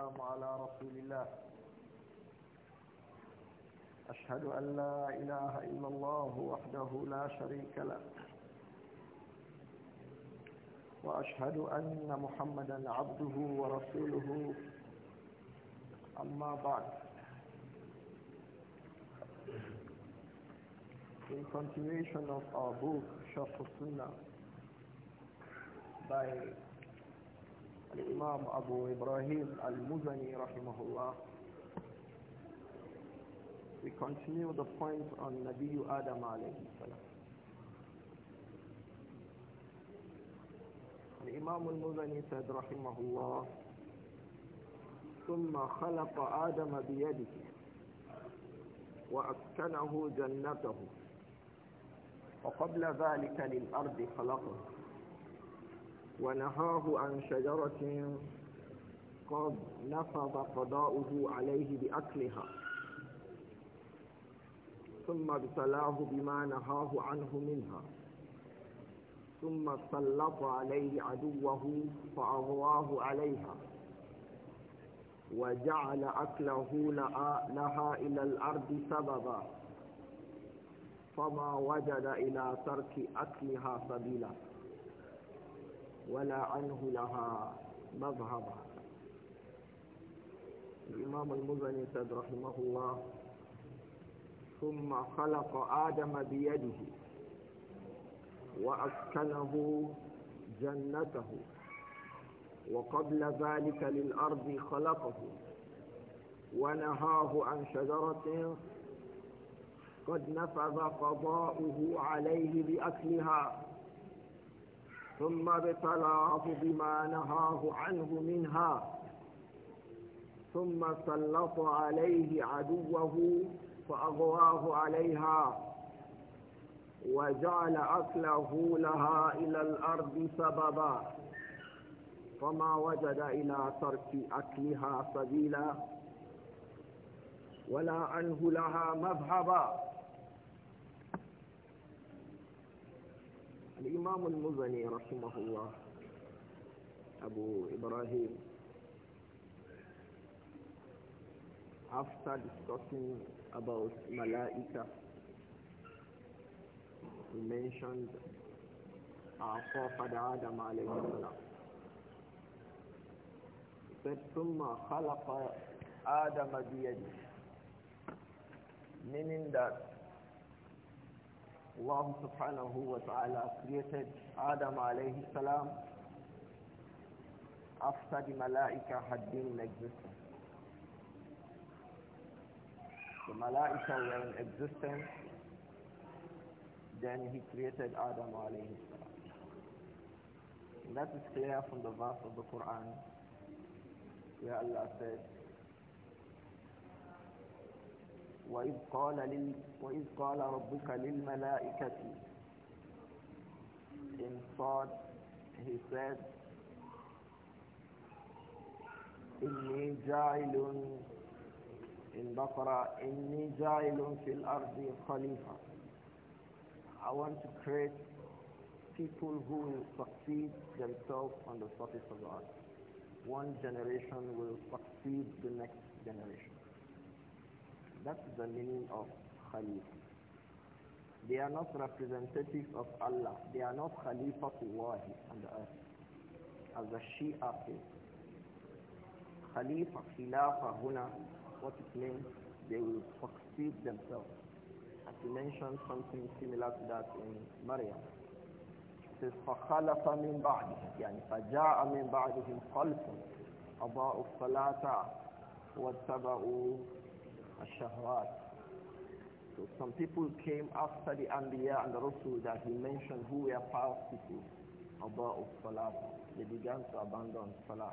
السلام على رسول الله أشهد أن لا إله إلا الله وحده لا شريك له وأشهد أن محمدا عبده ورسوله أما بعد In continuation of our book, Shafu Sunnah by الإمام أبو إبراهيم المزني رحمه الله we continue the point on Nabi Adam alayhi salam الإمام المزني said رحمه الله ثم خلق آدم بيده وأسكنه جنته وقبل ذلك للأرض خلقه ونهاه عن شجرة قد نفض قضاؤه عليه بأكلها ثم ابتلاه بما نهاه عنه منها ثم سلط عليه عدوه فأغواه عليها وجعل أكله لها إلى الأرض سببا فما وجد إلى ترك أكلها سبيلا ولا عنه لها مذهبا الإمام المزني سيد رحمه الله ثم خلق آدم بيده وأسكنه جنته وقبل ذلك للأرض خلقه ونهاه عن شجرة قد نفذ قضاؤه عليه بأكلها ثم ابتلاه بما نهاه عنه منها ثم سلط عليه عدوه فأغواه عليها وجعل أكله لها إلى الأرض سببا فما وجد إلى ترك أكلها سبيلا ولا أنه لها مذهبا الإمام المزني رحمه الله أبو إبراهيم after discussing about Malaika he mentioned our forefather Adam alayhi salam he said ثم خلق آدم بيده meaning that Allah subhanahu wa ta'ala created Adam alayhi salam after the Malaika had been in existence. The Malaika were in existence, then he created Adam alayhi salam. And that is clear from the verse of the Quran where Allah says, وإذ قال, لل وإذ قال ربك للملائكة in thought he said إني جَائِلٌ in Baqarah إني جَائِلٌ في الأرض خليفة I want to create people who will succeed themselves on the surface of the earth. One generation will succeed the next generation. That is the meaning of Khalif. They are not representatives of Allah. They are not Khalifatullah on the earth. As the Shia say. Khalifa, Khilafa, Huna, what it means, they will succeed themselves. As he mentioned something similar to that in Maryam. It says, فَخَلَفَ مِنْ بَعْدِهِ يعني فَجَاءَ مِنْ بَعْدِهِمْ خَلْفٌ أَضَاءُوا الصَّلَاةَ وَاتَّبَعُوا الشهوات. So some people came after the Anbiya and the Rasul that he mentioned who were past people about Salat. They began to abandon Salat.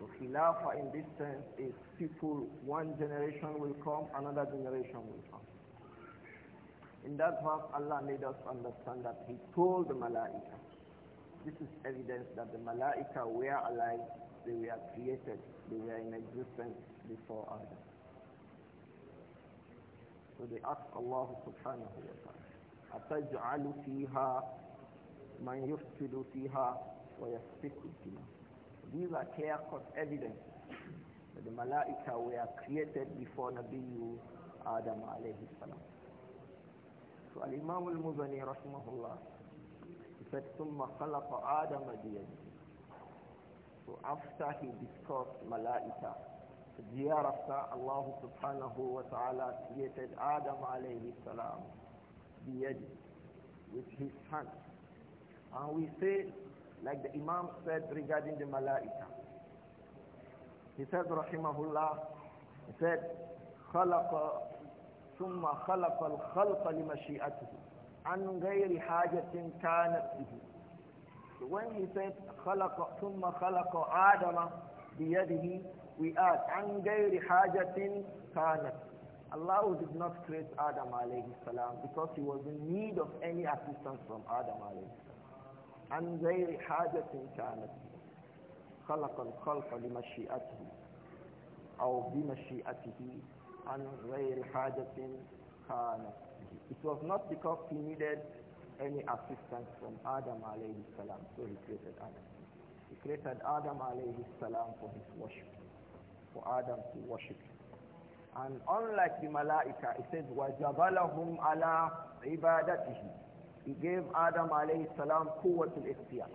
So Khilafah in this sense is people, one generation will come, another generation will come. In that verse, Allah made us understand that He told the Malaika. This is evidence that the Malaika were alive, they were created, they were in existence before Adam. So الله سبحانه وتعالى أَتَجْعَلُ فِيهَا مَنْ يُفْسِدُ فِيهَا ويفسد الدِّمَاءِ These are clear-cut evidence that the malaika were created before Nabi Adam alayhi salam. So Al-Imam al-Muzani rahimahullah, he said, ثُمَّ خَلَقَ آدَمَ بِيَدِهِ So after he discussed malaika, Hereafter, Allah subhanahu wa created Adam alayhi salam with his hand. And we say, like the Imam said regarding the Malaika, he said, رحمه الله he said, خلق ثم خلق الخلق لمشيئته عن غير حاجة كانت به. So when he said خلق ثم خلق Adam بيده we ask, عَنْ غَيْرِ حَاجَةٍ كَانَتْ Allah did not create Adam alayhi salam because he was in need of any assistance from Adam alayhi salam. عَنْ غَيْرِ حَاجَةٍ كَانَتْ خَلَقَ الْخَلْقَ لِمَشِيئَتِهِ أَوْ بِمَشِيئَتِهِ عَنْ غَيْرِ حَاجَةٍ كَانَتْ It was not because he needed any assistance from Adam alayhi salam, so he created Adam. He created Adam alayhi salam for his worship for Adam to worship. And unlike the Malaika, it says, وَجَبَلَهُمْ عَلَىٰ عِبَادَتِهِ He gave Adam alayhi salam quwwatul ikhtiyar.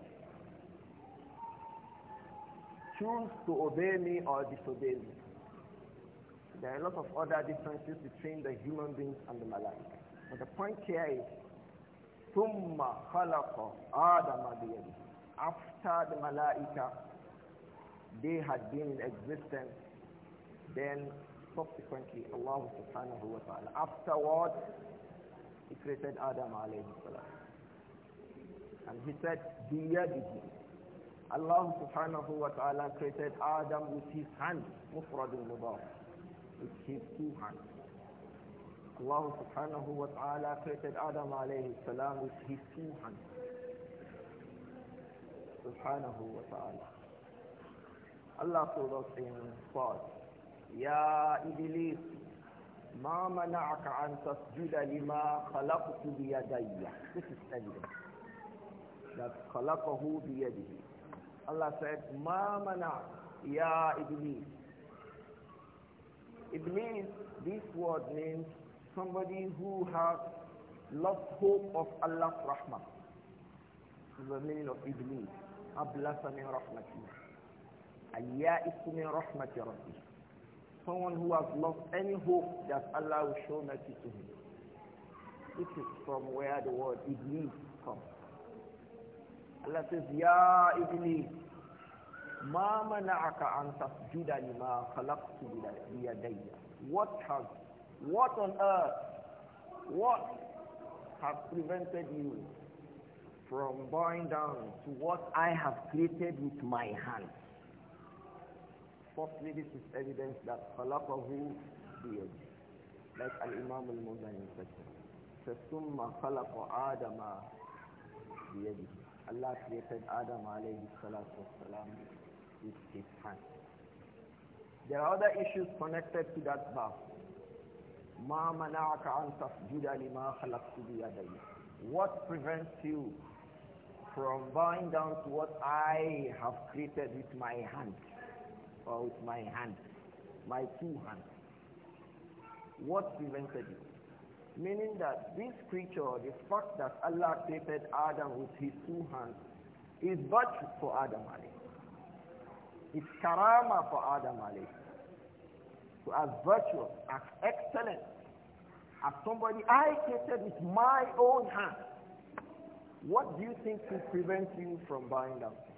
Choose to obey me or disobey me. There are a lot of other differences between the human beings and the Malaika. But the point here is, ثُمَّ خَلَقَ آدَمَ بِيَدِهِ After the Malaika, they had been in existence, then subsequently Allah subhanahu wa ta'ala afterward he created Adam alayhi salam. And he said, Biyadihi. Allah subhanahu wa ta'ala created Adam with his hand, Mufradun Mubaf, with his two hands. Allah subhanahu wa ta'ala created Adam alayhi salam with his two hands. Subhanahu wa ta'ala. Allah told us in Qad, ya iblis ma mana'aka an tasjuda lima khalaqtu bi yadayya istajiba la khalaqahu allah said ma mana ya iblis iblis this word means somebody who has lost hope of allah's rahmah the meaning of iblis ablasa min rahmatih ayya ismi rahmati rabbih someone who has lost any hope that Allah will show mercy to him. This is from where the word Iblis comes. Allah says, Ya Iblis, ما منعك أن تسجد لما خلقت بيدي What has, what on earth, what has prevented you from bowing down to what I have created with my hands? Firstly, this is evidence that خلقه بيد like Al-Imam Al-Muzani said فَثُمَّ خَلَقَ آدَمَ بِيَدِهِ Allah created Adam alayhi salatu wasalam with his hand. There are other issues connected to that verse. مَا مَنَعَكَ أَن تَسْجُدَ لِمَا خَلَقْتُ بِيَدَيَّ What prevents you from bowing down to what I have created with my hands? with my hand, my two hands. What prevented it? Meaning that this creature, the fact that Allah created Adam with his two hands, is virtue for Adam Ali. It's karama for Adam Ali. So as virtuous, as excellent, as somebody I created with my own hand, what do you think will prevent you from buying that?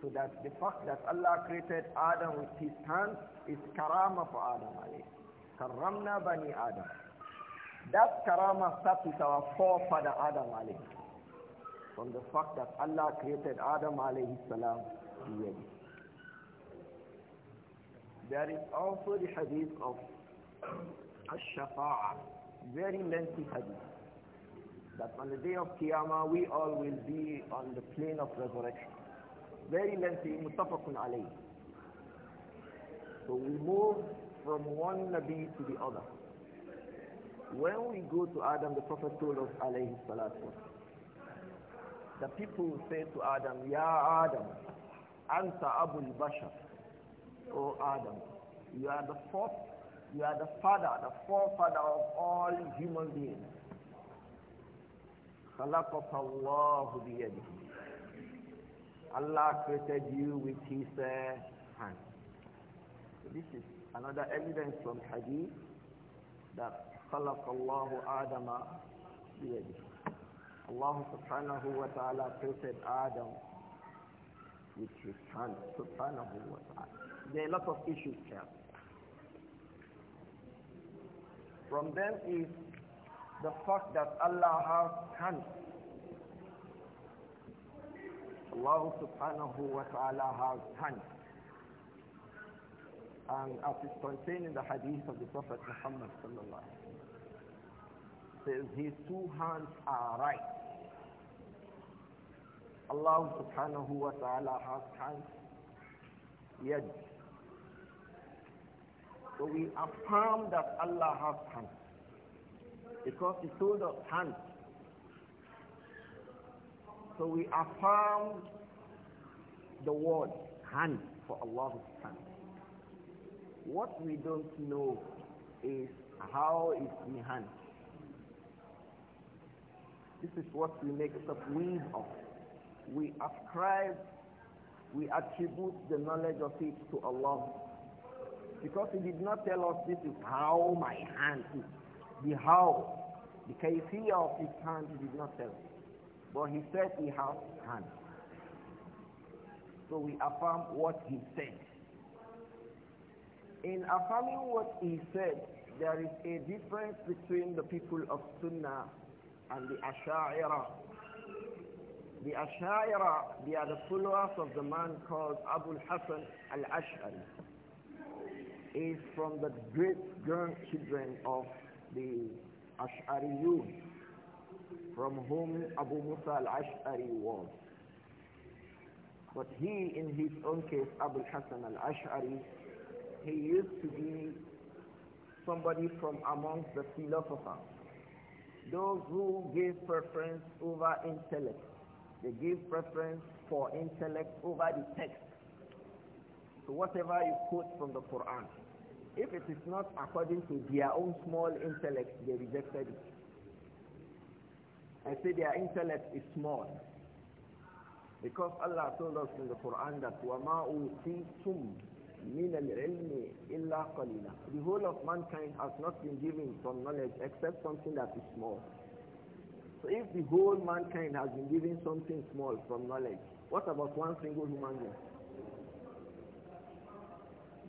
So that the fact that Allah created Adam with his hands is karama for Adam Karamna bani Adam. That karama starts with our forefather Adam From the fact that Allah created Adam alayhi salam There is also the hadith of Ash-Shafa'ah, very lengthy hadith, that on the day of Qiyamah we all will be on the plane of resurrection very lengthy, mutafakun alayh. So we move from one Nabi to the other. When we go to Adam, the Prophet told us, alayhi salatu The people say to Adam, Ya Adam, Anta Abu Bashar. O Adam, you are the fourth, you are the father, the forefather of all human beings. خلقك الله بيده Allah created you with his uh, hand. So this is another evidence from hadith that Allah subhanahu wa ta'ala created Adam with his hand. Subhanahu wa ta'ala. There are a lot of issues here. From them is the fact that Allah has hands. Allah subhanahu wa ta'ala has hands. And as is contained in the hadith of the Prophet Muhammad sallallahu says his two hands are right. Allah subhanahu wa ta'ala has hands, Yes. So we affirm that Allah has hands. Because he told us hands so we affirm the word hand for Allah's hand. What we don't know is how is the hand. This is what we make subwind of. We ascribe, we attribute the knowledge of it to Allah. Because He did not tell us this is how my hand is. The how, the kaifiyah of His hand He did not tell us. But he said he has hands. So we affirm what he said. In affirming what he said, there is a difference between the people of Sunnah and the Asha'ira. The Asha'ira, they are the followers of the man called Abu Hassan al-Ash'ari. is from the great grandchildren of the Ash'ariyun from whom Abu Musa al-Ash'ari was. But he, in his own case, Abu Hassan al-Ash'ari, he used to be somebody from amongst the philosophers, those who gave preference over intellect. They give preference for intellect over the text. So whatever you quote from the Quran, if it is not according to their own small intellect, they rejected it. I say their intellect is small. Because Allah told us in the Quran that وَمَا أُوتِيتُمْ مِنَ الْعِلْمِ إِلَّا قَلِيلًا The whole of mankind has not been given some knowledge except something that is small. So if the whole mankind has been given something small from knowledge, what about one single human being?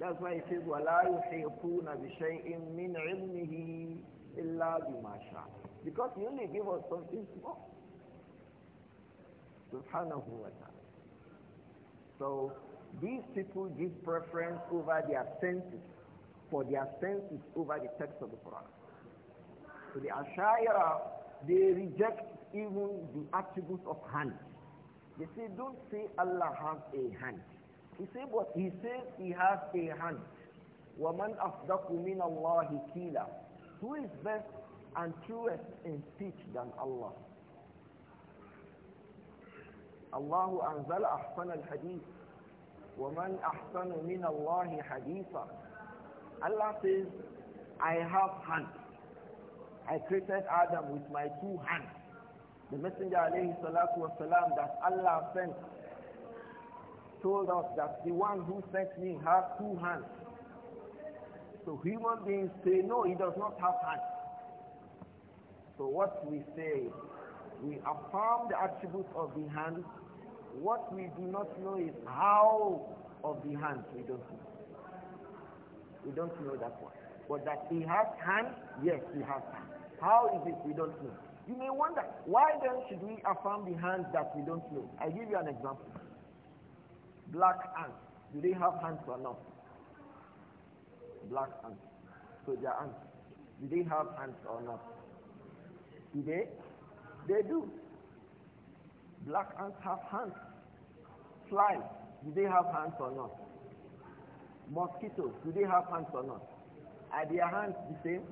That's why it says, وَلَا يُحِيطُونَ بِشَيْءٍ مِّنْ عِلْمِهِ إِلَّا بِمَا شَاءَ because he only gave us something small. Subhanahu wa ta'ala. So these people give preference over their senses, for their senses over the text of the Quran. So the Ashaira, they reject even the attributes of hand. They say, don't say Allah has a hand. He said, but he says he has a hand. وَمَنْ أَفْدَقُ مِنَ اللَّهِ كِيلًا Who is best and truest in speech than Allah. Allah الله أنزل أحسن الحديث ومن أحسن min الله حديثا Allah says I have hands I created Adam with my two hands The messenger alayhi salatu wasalam that Allah sent told us that the one who sent me has two hands so human beings say no he does not have hands so what we say, we affirm the attributes of the hand. What we do not know is how of the hand. We don't know. We don't know that one. But that he has hand, yes, he has hand. How is it? We don't know. You may wonder, why then should we affirm the hand that we don't know? i give you an example. Black ants. Do they have hands or not? Black ants. So they are ants. Do they have hands or not? Do they? They do. Black ants have hands. Flies, do they have hands or not? Mosquitoes, do they have hands or not? Are their hands the same?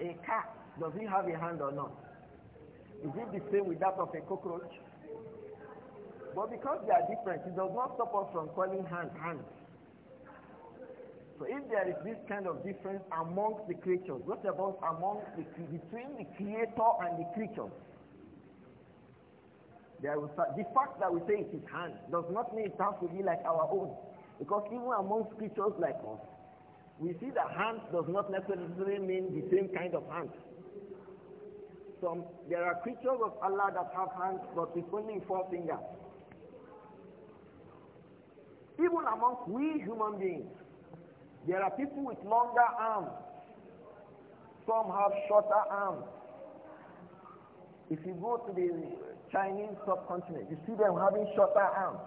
A cat, does it have a hand or not? Is it the same with that of a cockroach? But because they are different, it does not stop us from calling hands hands. So if there is this kind of difference amongst the creatures, what about among the, between the creator and the creatures? There was, the fact that we say it is hand does not mean it has to be like our own. Because even amongst creatures like us, we see that hand does not necessarily mean the same kind of hand. Some, there are creatures of Allah that have hands, but with only four fingers. Even amongst we human beings, there are people with longer arms. Some have shorter arms. If you go to the Chinese subcontinent, you see them having shorter arms.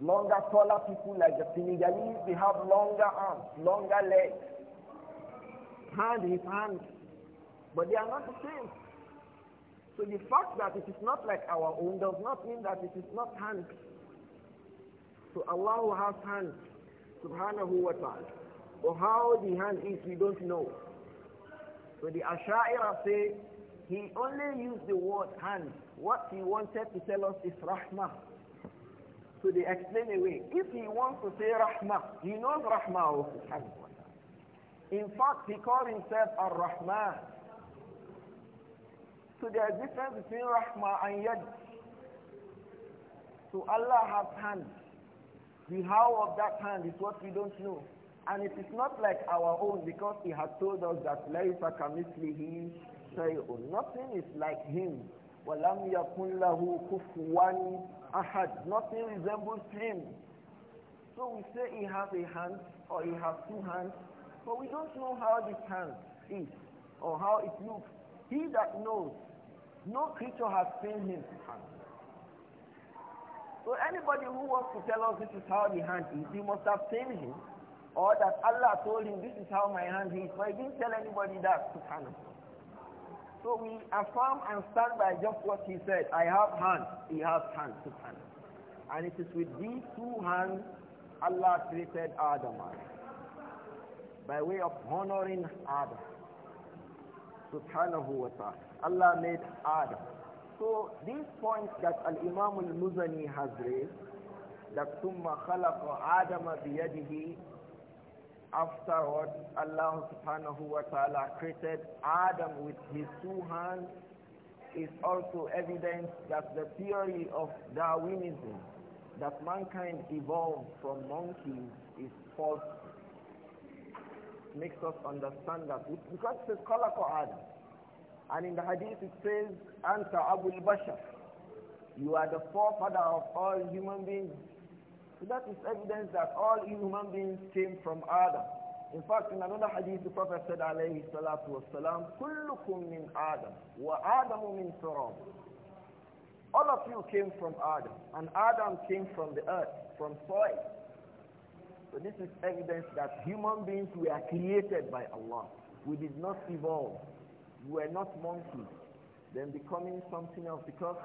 Longer, taller people like the Senegalese, they have longer arms, longer legs. Hand is hand. But they are not the same. So the fact that it is not like our own does not mean that it is not hands. So Allah has hands subhanahu wa ta'ala. But how the hand is, we don't know. So the Asha'ira say, he only used the word hand. What he wanted to tell us is rahmah. So they explain away. If he wants to say rahmah, he knows rahmah In fact, he called himself ar rahma. So there is difference between rahmah and yad. So Allah has hands. The how of that hand is what we don't know. And it is not like our own because he had told us that لَيْسَ say شَيْءٌ Nothing is like him. Walam يَكُنْ لَهُ كُفْوًا أَحَدٌ Nothing resembles him. So we say he has a hand or he has two hands, but we don't know how this hand is or how it looks. He that knows, no creature has seen his hand. So anybody who wants to tell us this is how the hand is, he must have seen him. Or that Allah told him this is how my hand is. But he didn't tell anybody that, to subhanAllah. So we affirm and stand by just what he said. I have hands. He has hands, To subhanAllah. And it is with these two hands Allah created Adam by way of honoring Adam. Subhanahu wa ta'ala. Allah made Adam. So these points that Al-Imam Al-Muzani has raised, that ثُمَّ خَلَقَ آدَمَ بِيَدِهِ Afterward, Allah subhanahu wa ta'ala created Adam with his two hands is also evidence that the theory of Darwinism, that mankind evolved from monkeys, is false. Makes us understand that, because it's called Adam. And in the hadith it says, Anta al Bashar. You are the forefather of all human beings. So that is evidence that all human beings came from Adam. In fact, in another hadith, the Prophet said, alayhi salatu wasalam, Kullukum min Adam, wa Adamu min turab. All of you came from Adam, and Adam came from the earth, from soil. So this is evidence that human beings were created by Allah. We did not evolve you were not monkeys, then becoming something else. Because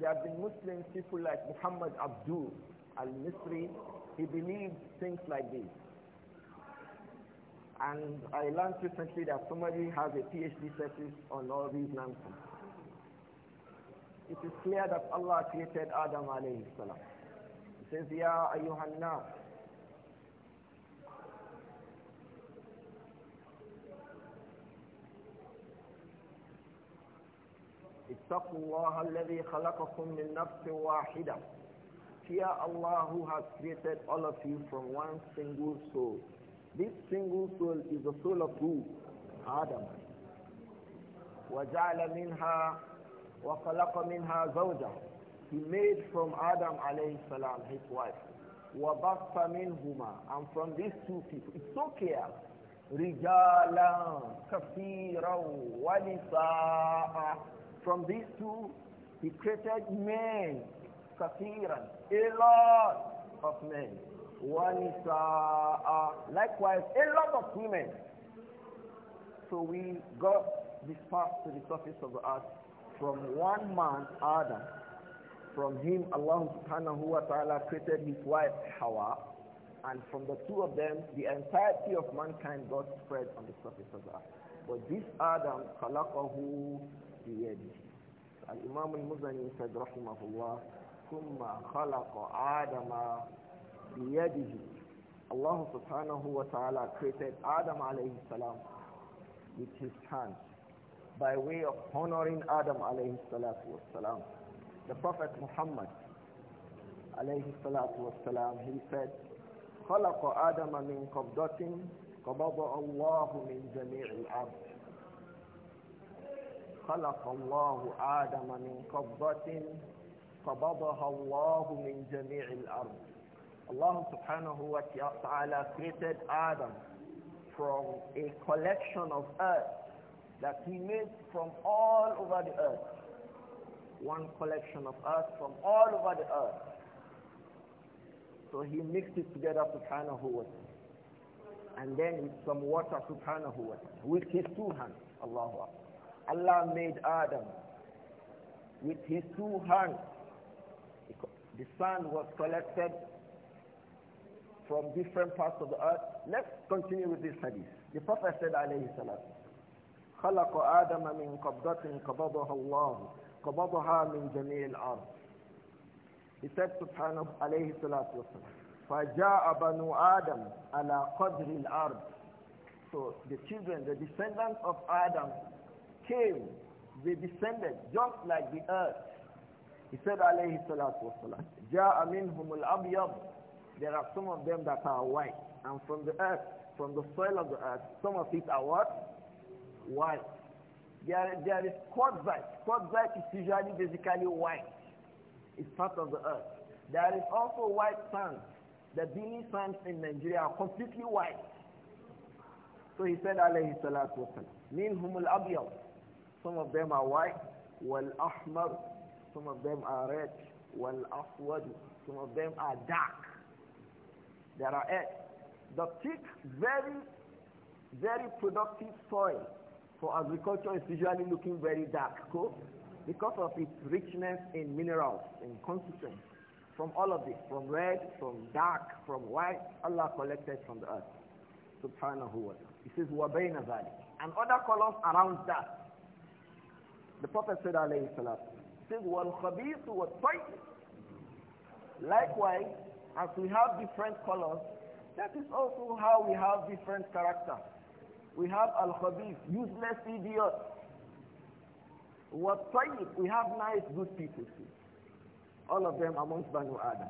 there have been Muslim people like Muhammad Abdul al-Misri, he believed things like this. And I learned recently that somebody has a PhD thesis on all these nonsense. It is clear that Allah created Adam alayhi salam. He says, Ya ayyuhanna, اتقوا الله الذي خلقكم من نفس واحدة Fear Allah who has created all of you from one single soul. This single soul is the soul of who? Adam. وجعل منها وخلق منها زَوْجَةً He made from Adam alayhi salam his wife. وَبَثَّ مِنْهُمَا And from these two people, it's so clear. رِجَالًا كَثِيرًا وَنِسَاءً From these two, he created men, kathiran, a lot of men. وَنِسَاءَ Likewise, a lot of women. So we got this path to the surface of the earth from one man, Adam. From him, Allah subhanahu wa ta'ala created his wife, Hawa. And from the two of them, the entirety of mankind got spread on the surface of the earth. But this Adam, خَلَقَهُ بيده الإمام المزني said رحمه الله ثم خلق آدم بيده Allah subhanahu wa ta'ala created Adam alayhi salam with his hands by way of honoring Adam alayhi salam. The Prophet Muhammad alayhi salam, he said, خلق آدم من قبضة قبض الله من جميع العبد خلق الله آدم من قبضة قبضها الله من جميع الأرض Allah subhanahu wa ta'ala created Adam from a collection of earth that he made from all over the earth. One collection of earth from all over the earth. So he mixed it together subhanahu wa ta'ala. And then with some water subhanahu wa ta'ala. With his two hands. Allahu Akbar. Allah made Adam with his two hands. The sand was collected from different parts of the earth. Let's continue with this hadith. The Prophet said, alayhi salam, خلق آدم من قبضة قبضها الله قبضها من جميع الأرض. He said, subhanahu alayhi salatu wasalam, فَجَاءَ بَنُو آدَمْ عَلَى قَدْرِ الْأَرْضِ So the children, the descendants of Adam came, they descended just like the earth. He said, alayhi salatu wasalam, Ja'a minhumul There are some of them that are white. And from the earth, from the soil of the earth, some of it are what? White. There, there is quartzite. Quartzite is usually basically white. It's part of the earth. There is also white sand. The Bini sands in Nigeria are completely white. So he said, alayhi salatu wasalam, minhumul abyab. Some of them are white, wal ahmar. Some of them are red, wal aswad. Some of them are dark. There are eight. The thick, very, very productive soil for agriculture is usually looking very dark, cool? Because of its richness in minerals and constituents. From all of this, from red, from dark, from white, Allah collected from the earth. Subhanahu wa ta'ala. He says, وَبَيْنَ And other colors around that. The Prophet said, alayhi salam, says, وَالْخَبِيثُ وَالطَّيْبُ Likewise, as we have different colors, that is also how we have different character. We have al-khabith, useless idiot. Wat-tayyib, we have nice, good people too. All of them amongst Banu Adam.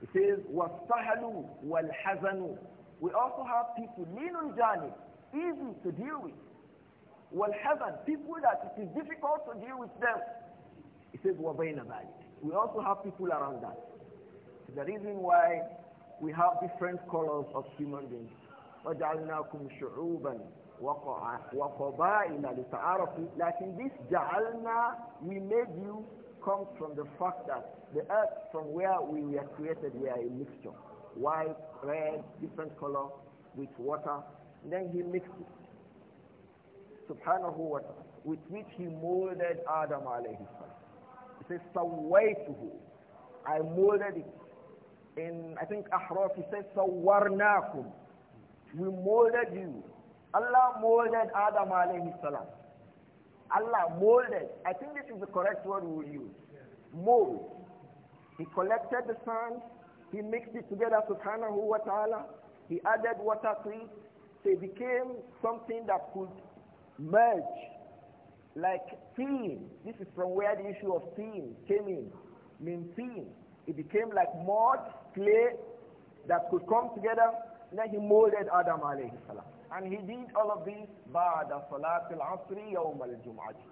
It says, was wal We also have people, on jani, easy to deal with heaven, people that it is difficult to deal with them he says وَبَيْنَ ذَلِكَ we also have people around that the reason why we have different colors of human beings وَجَعَلْنَاكُمْ شُعُوبًا وَقَبَائِلَ لِتَعَارَفُوا in this جَعَلْنَا we made you come from the fact that the earth from where we were created were a mixture white, red, different color with water and then he mixed it subhanahu wa ta'ala, with which he molded Adam alayhi salam. He says, Sawaituhu. I molded it. In, I think, Ahraf, he says, Sawarnakum. We molded you. Allah molded Adam alayhi salam. Allah molded. I think this is the correct word we will use. Mold. He collected the sand. He mixed it together, subhanahu wa ta'ala. He added water to it. So it became something that could merge, like sin. This is from where the issue of sin came in. Mean sin. It became like mud, clay that could come together. Then he molded Adam alayhi salam. And he did all of this ba'da salatil asri yawm al-jum'ati.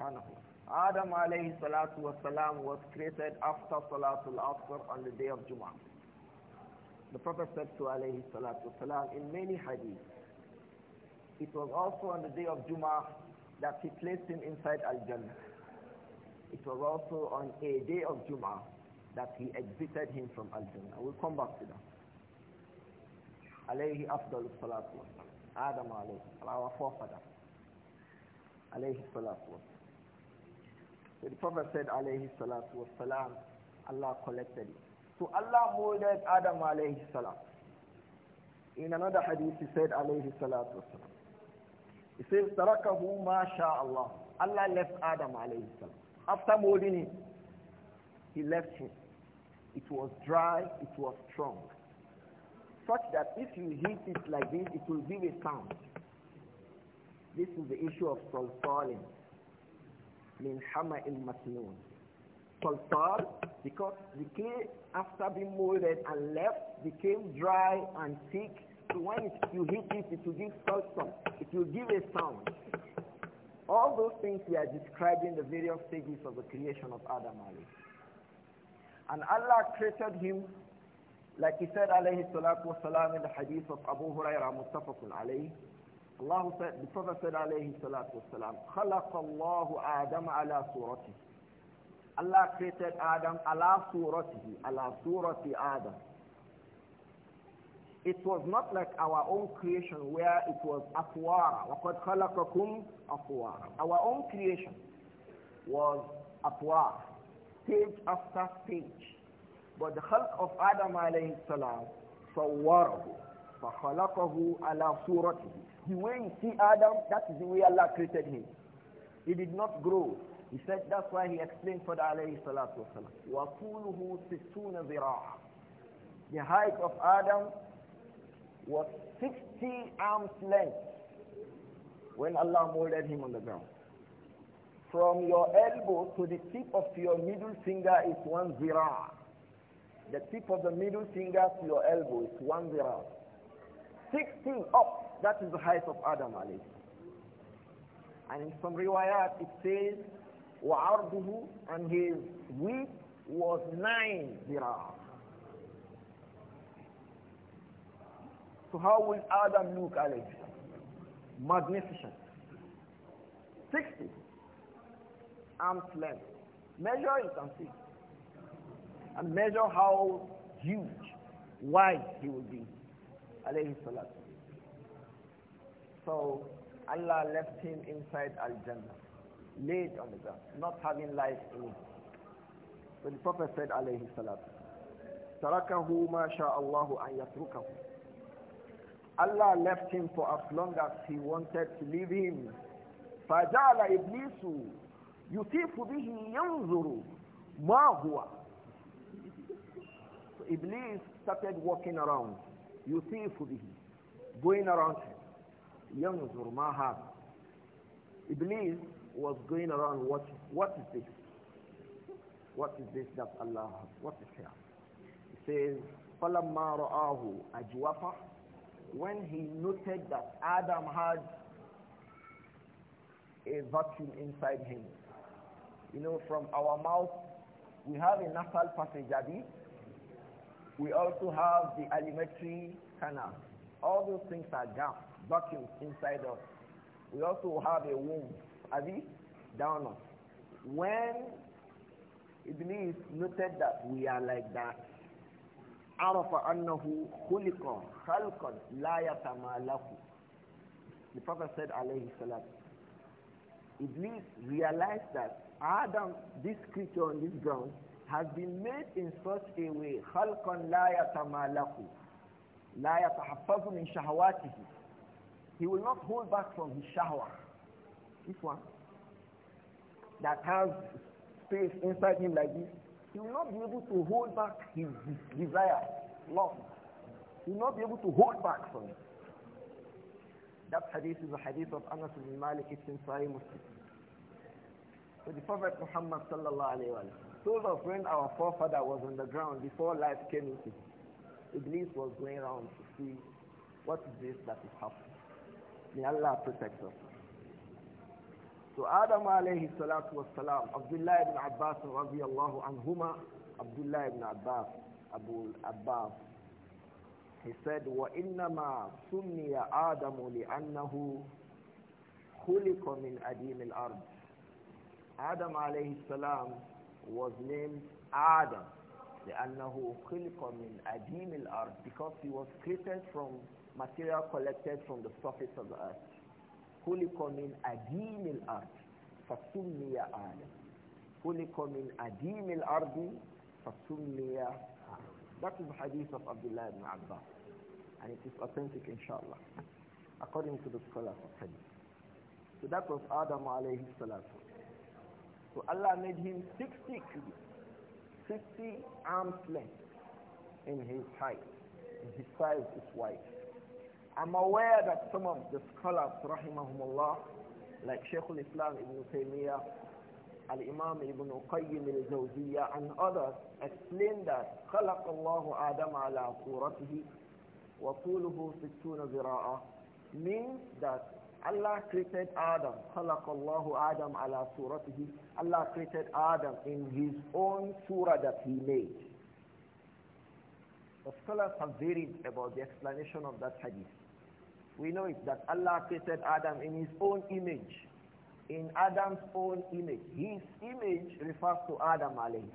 Adam alayhi salatu was salam was created after salatul asr on the day of Jum'ah. The Prophet said to alayhi salatu wasalam in many hadiths, it was also on the day of Juma that he placed him inside Al-Jannah. It was also on a day of Juma that he exited him from Al-Jannah. We'll come back to that. Alayhi afdal salatu Adam alayhi, our forefather. Alayhi salatu So the Prophet said alayhi salatu wasalam, Allah collected it. So Allah molded Adam alayhi salam. In another hadith he said alayhi salatu wasalam. He says, Tarakahu Allah. Allah left Adam alayhi salam. After molding him, he left him. It was dry, it was strong. Such that if you hit it like this, it will give a sound. This is the issue of salsalin. Min hama il matnoon. Salsal, because the clay, after being molded and left, became dry and thick so when you hit it, it will give such sound. It will give a sound. All those things we are describing the various stages of the creation of Adam Ali. And Allah created him, like he said alayhi salatu wasalam in the hadith of Abu Hurairah muttafaqun alayhi. Allah said, the Prophet said alayhi salatu wasalam, خَلَقَ اللَّهُ آدَمَ عَلَى Allah created Adam ala suratihi, ala surati Adam. It was not like our own creation where it was afwara. Waqad خَلَقَكُمْ afwara Our own creation was afwara stage after stage. But the khalq of Adam alayhi salam, fa khalaqahu ala صُورَتِهِ The way you see Adam, that is the way Allah created him. He did not grow. He said that's why he explained for the alayhi salatu wasalam. وَطُولُهُ سِتُّونَ ذِرَاعًا The height of Adam was 60 arms length when Allah molded him on the ground. From your elbow to the tip of your middle finger is one zira. The tip of the middle finger to your elbow is one zira. 60 up, that is the height of Adam alayhi. And in some riwayat it says, وَعَرْضُهُ And his width was nine zira. So how will Adam look, Alex? Magnificent. 60. Arm's length. Measure it and see. And measure how huge, wide he will be. Alayhi So Allah left him inside Al-Jannah, laid on the ground, not having life in him. So the Prophet said, alayhi salatu, تَرَكَهُ مَا شَاءَ اللَّهُ أَنْ يَتْرُكَهُ Allah left him for as long as he wanted to leave him. فَجَعَلَ إِبْلِيسُ يُطِيفُ بِهِ يَنْظُرُ مَا هُوَ so Iblis started walking around. يُطِيفُ بِهِ Going around him. يَنْظُرُ مَا هَذَا Iblis was going around watching. What is this? What is this that Allah has? What is here? He says, فَلَمَّا رَآهُ أَجْوَفَهُ when he noted that Adam had a vacuum inside him. You know, from our mouth, we have a nasal passage, Abi. We also have the alimentary canal. All those things are gaps, vacuums inside us. We also have a womb, Abi, down us. When Iblis noted that we are like that, the Prophet said عليه السلام Iblis realized that Adam, this creature on this ground, has been made in such a way خلقا لا يتمالك لا يتحفظ من شهواته He will not hold back from his shahwa. This one that has space inside him like this he will not be able to hold back his desire, love. He will not be able to hold back from it. That hadith is a hadith of Anas ibn Malik, it's in Sahih Muslim. So the Prophet Muhammad sallallahu alayhi wa told us when our forefather was on the ground before life came into him. Iblis was going around to see what is this that is happening. May Allah protect us. So Adam alayhi salatu was salam, Abdullah ibn Abbas radiallahu anhuma, Abdullah ibn Abbas, Abu Abbas, he said, وَإِنَّمَا سُمِّيَ آدَمُ لِأَنَّهُ خُلِقَ مِنْ أَدِيمِ الْأَرْضِ Adam alayhi salam was named Adam لأنه خلق من أديم الأرض because he was created from material collected from the surface of the earth. خلق من أديم ard فسمي آدم خلق من أديم ard فسمي That is the hadith of Abdullah ibn Abbas and it is authentic inshallah according to the scholars of hadith. So that was Adam alayhi salatu. So Allah made him 60 cubits, 60 arms length in his height, in his size is wide. I'm aware that some of the scholars, rahimahumullah, like Sheikh al-Islam Ibn Taymiyyah, Al-Imam Ibn Qayyim al-Zawziyyah, and others explain that خلق الله آدم على صورته وطوله ستون ذراعا means that Allah created Adam. خلق الله آدم على صورته. Allah created Adam in his own surah that he made. The scholars have varied about the explanation of that hadith. We know it that Allah created Adam in his own image. In Adam's own image. His image refers to Adam alayhi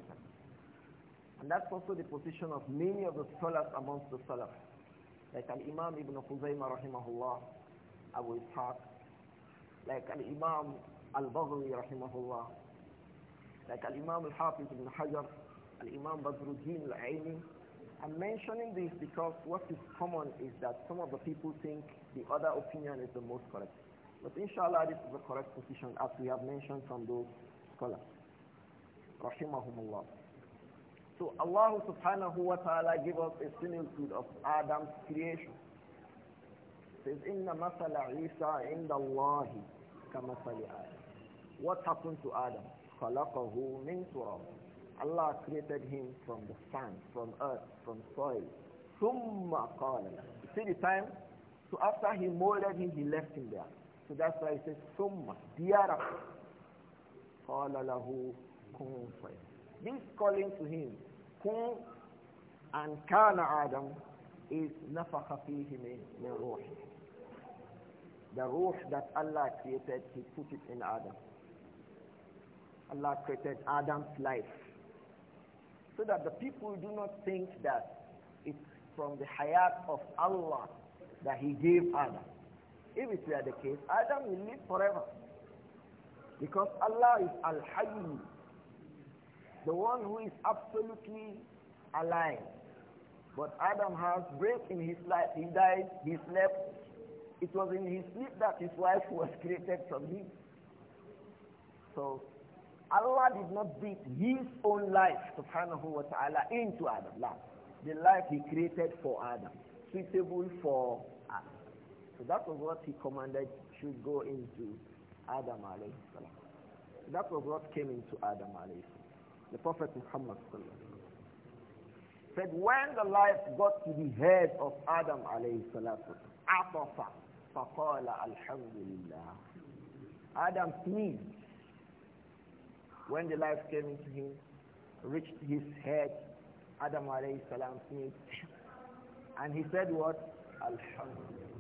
And that's also the position of many of the scholars amongst the Salaf. Like Al-Imam Ibn Khuzaymah rahimahullah, Abu Ishaq. Like Al-Imam Al-Baghawi rahimahullah. Like Al-Imam Al-Hafiz Ibn Hajar, Al-Imam Badruddin Al-Aini, I'm mentioning this because what is common is that some of the people think the other opinion is the most correct. But inshallah, this is the correct position as we have mentioned from those scholars. Rahimahumullah. So Allah subhanahu wa ta'ala gave us a similitude of Adam's creation. says, Inna masala Isha inda Allahi kamasali Adam. What happened to Adam? خَلَقَهُ مِنْ تُرَابٍ Allah created him from the sand, from earth, from soil. Summa qala See the time? So after he molded him, he left him there. So that's why he says, Summa, diara. Qala lahu kun This calling to him, kun and kana Adam, is nafakha fihi min ruh. The ruh that Allah created, he put it in Adam. Allah created Adam's life so that the people do not think that it's from the hayat of Allah that he gave Adam. If it were the case, Adam will live forever. Because Allah is Al-Hayy, the one who is absolutely alive. But Adam has break in his life. He died, he slept. It was in his sleep that his wife was created from him. So Allah did not beat his own life, subhanahu wa ta'ala, into Adam. La. The life he created for Adam, suitable for Adam. So that was what he commanded should go into Adam alayhi salam. That was what came into Adam alayhi salam. The Prophet Muhammad said when the life got to the head of Adam alayhi salatu, alhamdulillah. Adam sneezed. When the life came into him, reached his head, Adam alayhi salam sneezed. And he said what? Alhamdulillah.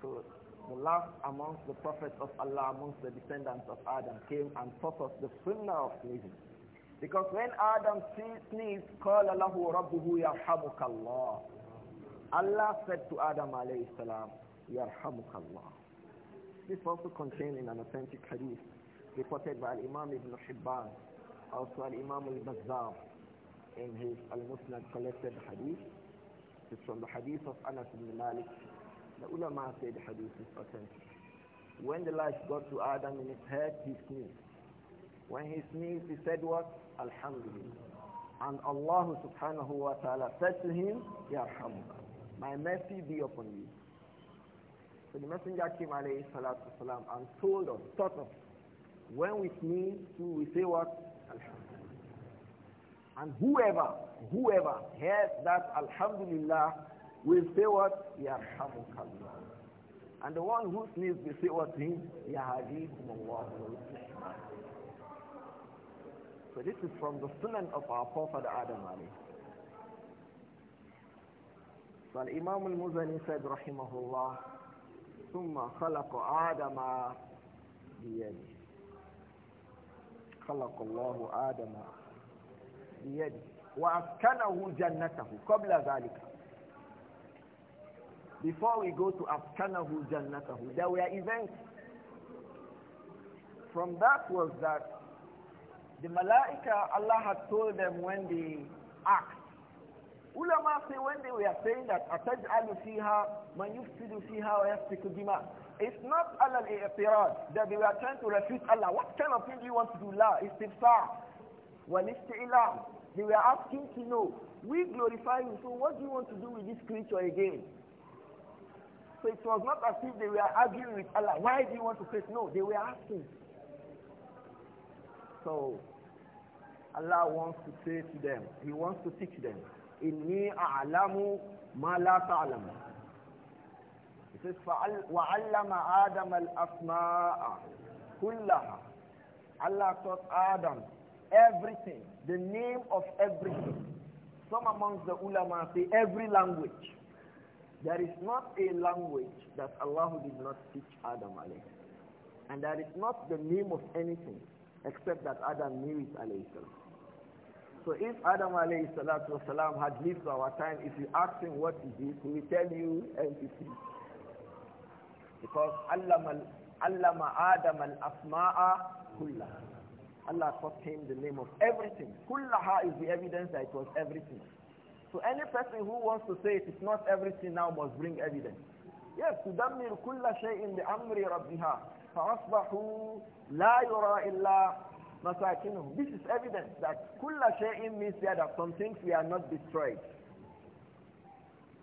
So the last amongst the prophets of Allah, amongst the descendants of Adam, came and taught us the sunnah of sneezing. Because when Adam sneezed, قَالَ لَهُ رَبُّهُ يَرْحَمُكَ Allah said to Adam alayhi salam, "Yarhamukallah." This also contained in an authentic hadith reported by Imam Ibn Hibban, also Imam Al-Bazzar in his Al-Musnad collected hadith. It's from the hadith of Anas ibn Malik. The ulama said the hadith is authentic. When the light got to Adam in his head, he sneezed. When he sneezed, he said what? Alhamdulillah. And Allah subhanahu wa ta'ala said to him, Ya my mercy be upon you. So the messenger came alayhi salatu salam and told us, taught us when we sneeze too, we say what? Alhamdulillah. And whoever, whoever hears that Alhamdulillah will say what? Yarhamukallah. And the one who sneezes will say what to So this is from the sunan of our Prophet Adam Imam Al Muzani said Rahimahullah. الله ثم خلق آدم بيده خلق الله آدم بيده وأسكنه جنته قبل ذلك Before we go to أسكنه جنته there were events From that was that the Malaika Allah had told them when they asked Ulama say when they were saying that أتجعل فيها من يفسد فيها ويسفك دماء it's not Allah itirad that they were trying to refute Allah. What kind of thing do you want to do? La, istifsar, wal isti'lam. They were asking to know, we glorify you, so what do you want to do with this creature again? So it was not as if they were arguing with Allah. Why do you want to say No, they were asking. So Allah wants to say to them, He wants to teach them, Inni a'lamu ma la ta'lamu. It says, وَعَلَّمَ آدَمَ الْأَسْمَاءَ كُلَّهَا Allah taught Adam everything, the name of everything. Some amongst the ulama say every language. There is not a language that Allah did not teach Adam alayhi. And that is not the name of anything except that Adam knew it alayhi salam. So if Adam alayhi salatu wasalam had lived our time, if you ask him what is it, he will tell you everything. Because Allah Adam al-asma'a kullaha. Allah taught him the name of everything. Kullaha is the evidence that it was everything. So any person who wants to say it is not everything now must bring evidence. Yes, تدمر كل شيء بأمر ربها فأصبحوا لا يرى إلا مساكنهم. This is evidence that كل شيء means that some things we are not destroyed.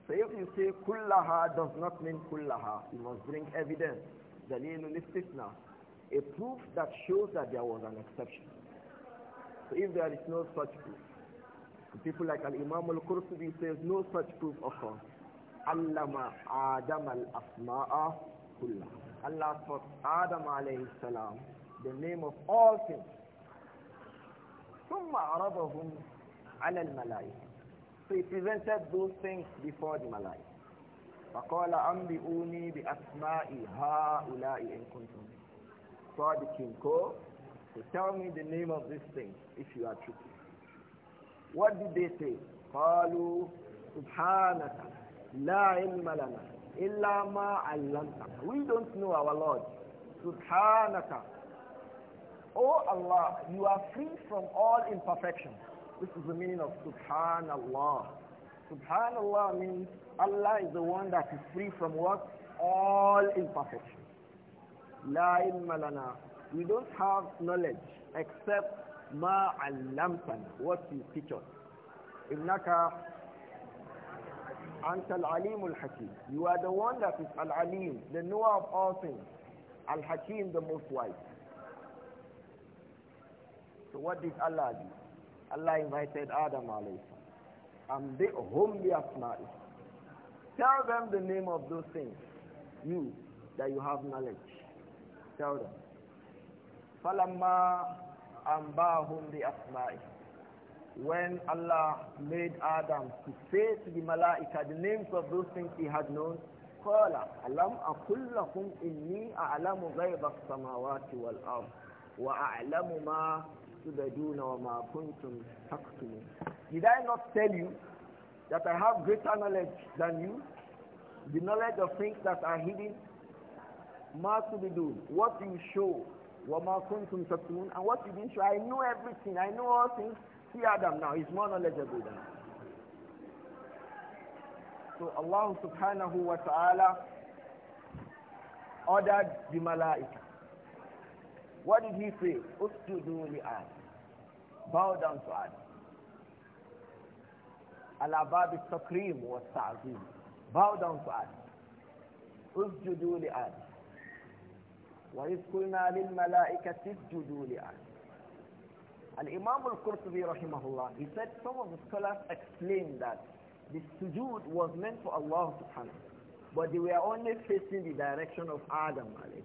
So if you say kullaha does not mean kullaha, you must bring evidence, dalilul istisna, a proof that shows that there was an exception. So if there is no such proof, people like Al-Imam Al-Qurtubi says no such proof occurs. Allama Adam al-Asma'a kullah. Allah taught Adam alayhi salam the name of all things. ثم عرضهم على الملائكة so he presented those things before the Malay. فقال أنبئوني بأسماء هؤلاء إن كنتم صادقين كو So tell me the name of this thing if you are truthful. What did they say? قالوا سبحانك لا علم لنا إلا ما We don't know our Lord. سبحانك Oh Allah, you are free from all imperfections. This is the meaning of Subhanallah. Subhanallah means Allah is the one that is free from what? All imperfection. La ilma lana. We don't have knowledge except ma allamtana, what you teach us. Innaka anta al-alim al-hakim. You are the one that is al-alim, the knower of all things. Al-hakim, the most wise. So what did Allah do? Allah invited Adam alayhi and they whom yasma'i. Tell them the name of those things, you, that you have knowledge. Tell them. فَلَمَّا أَنْبَاهُمْ بِأَسْمَائِهِ When Allah made Adam to say to the malaika the names of those things he had known, قَالَ أَلَمْ أَقُلْ لَكُمْ إِنِّي أَعْلَمُ غَيْبَ السَّمَاوَاتِ وَالْأَرْضِ وَأَعْلَمُ مَا تبدون وما كنتم تكتمون Did I not tell you that I have greater knowledge than you? The knowledge of things that are hidden? ما تبدون What you show وما كنتم تكتمون And what you didn't show I know everything I know all things See Adam now He's more knowledgeable than So Allah subhanahu wa ta'ala ordered the malaika. What did he say? Ustudu li Adam bow down to Adam. Al-abab is-takrim wa ta'zim. Bow down to Adam. Usjudu li Adam. Wa idh qulna lil malaikati isjudu li Adam. Al-Imam al-Qurtubi rahimahullah, he said some of the scholars explained that the sujood was meant for Allah subhanahu but they were only facing the direction of Adam alayhi.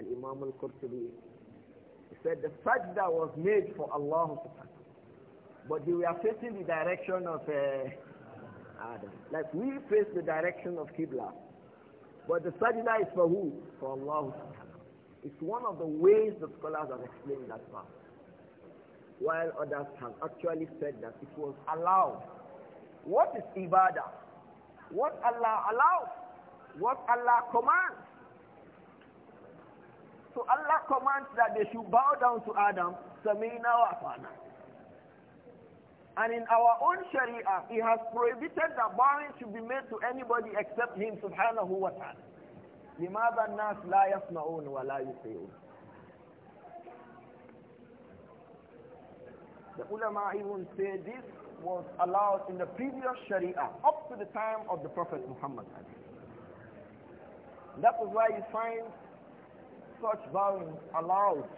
Al-Imam al-Qurtubi he said the sajda was made for Allah But we are facing the direction of uh, Adam. Like we face the direction of Qibla. But the sajda is for who? For Allah It's one of the ways the scholars have explained that part. While others have actually said that it was allowed. What is ibadah? What Allah allows? What Allah commands? So Allah commands that they should bow down to Adam, Samina wa Afana. And in our own Sharia, he has prohibited that bowing should be made to anybody except him, subhanahu wa ta'ala. لماذا الناس لا يسمعون ولا يطيعون The ulama even say this was allowed in the previous Sharia up to the time of the Prophet Muhammad. That is why you find such bowing allowed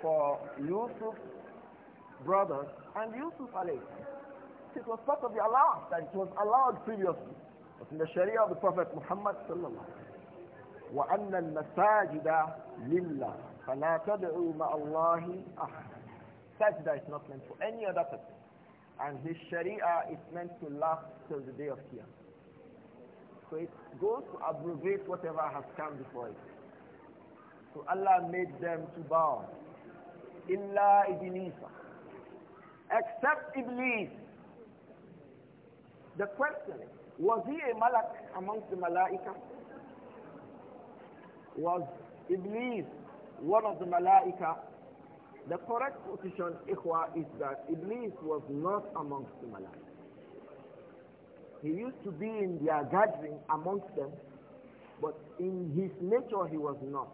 for Yusuf's brothers and Yusuf alayhi. It was part of the allowance that it was allowed previously. But in the Sharia of the Prophet Muhammad sallallahu وَأَنَّ الْمَسَاجِدَ لِلَّهِ فَلَا تَدْعُوا مَعَ اللَّهِ أَحَدًا Sajda is not meant for any other person. And his Sharia is meant to last till the day of Qiyamah. So it goes to abrogate whatever has come before it. So Allah made them to bow. Illa Iblisa. Except Iblis. The question was he a malak amongst the malaika? Was Iblis one of the malaika? The correct position, Ikhwa, is that Iblis was not amongst the malaika. He used to be in their gathering amongst them, but in his nature he was not.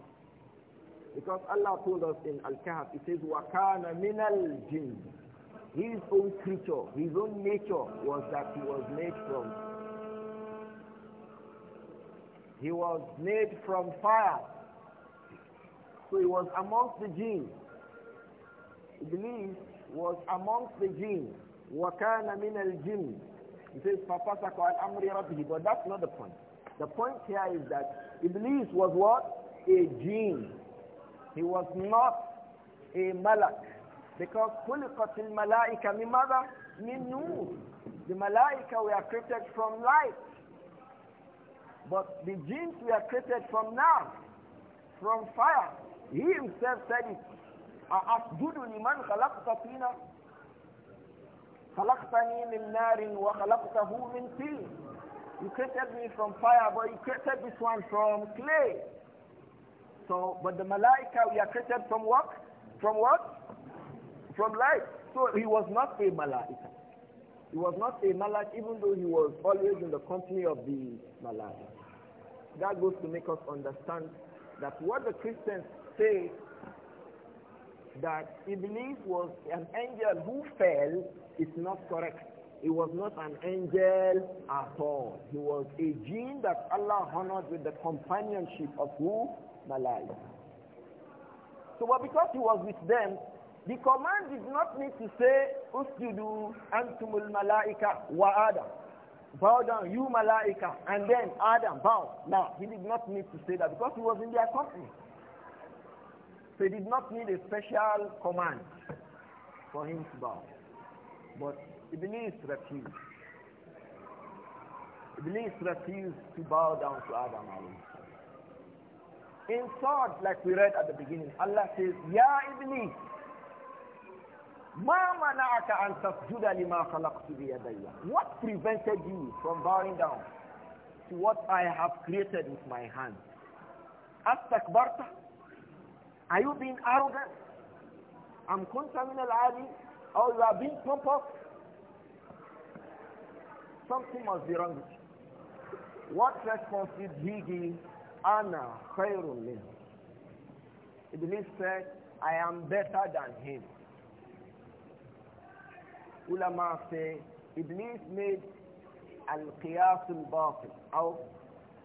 Because Allah told us in Al-Kahf, it says, وَكَانَ مِنَ الْجِنِّ His own creature, his own nature was that he was made from. He was made from fire. So he was amongst the jinn. Iblis was amongst the jinn. وَكَانَ مِنَ الْجِنِّ He says, فَفَسَقَ عَنْ al رَبِّهِ But that's not the point. The point here is that Iblis was what? A jinn he was not a malak because خلقت malaika min ماذا؟ min نور. The malaika were created from light. But the jinns were created from nar from fire. He himself said it. أَأَسْجُدُ لِمَنْ خَلَقْتَ فِينَا خَلَقْتَنِي مِنْ wa وَخَلَقْتَهُ min طِينٍ You created me from fire, but you created this one from clay. So, but the malaika, we are created from what? From what? From light. So he was not a malaika. He was not a malaika, even though he was always in the company of the malaika. That goes to make us understand that what the Christians say that Iblis was an angel who fell is not correct. He was not an angel at all. He was a jinn that Allah honored with the companionship of who? life. So, because he was with them, the command did not need to say, Usjudu antumul malaika wa Adam. Bow down, you malaika, and then Adam, bow. Now, he did not need to say that because he was in their company. So he did not need a special command for him to bow. But Iblis refused. Iblis refused to bow down to Adam. In thought, like we read at the beginning, Allah says, Ya Iblis, ma منعك an تسجد limā khalaqtu بيدي What prevented you from bowing down to what I have created with my hands? أستكبرت? Are you being arrogant? أم min al-āli, Or you are being pompous? Something must be wrong with you. What response did he give Ana khairun minhu. Iblis said, I am better than him. Ulama say, Iblis made al-qiyas al-batil, or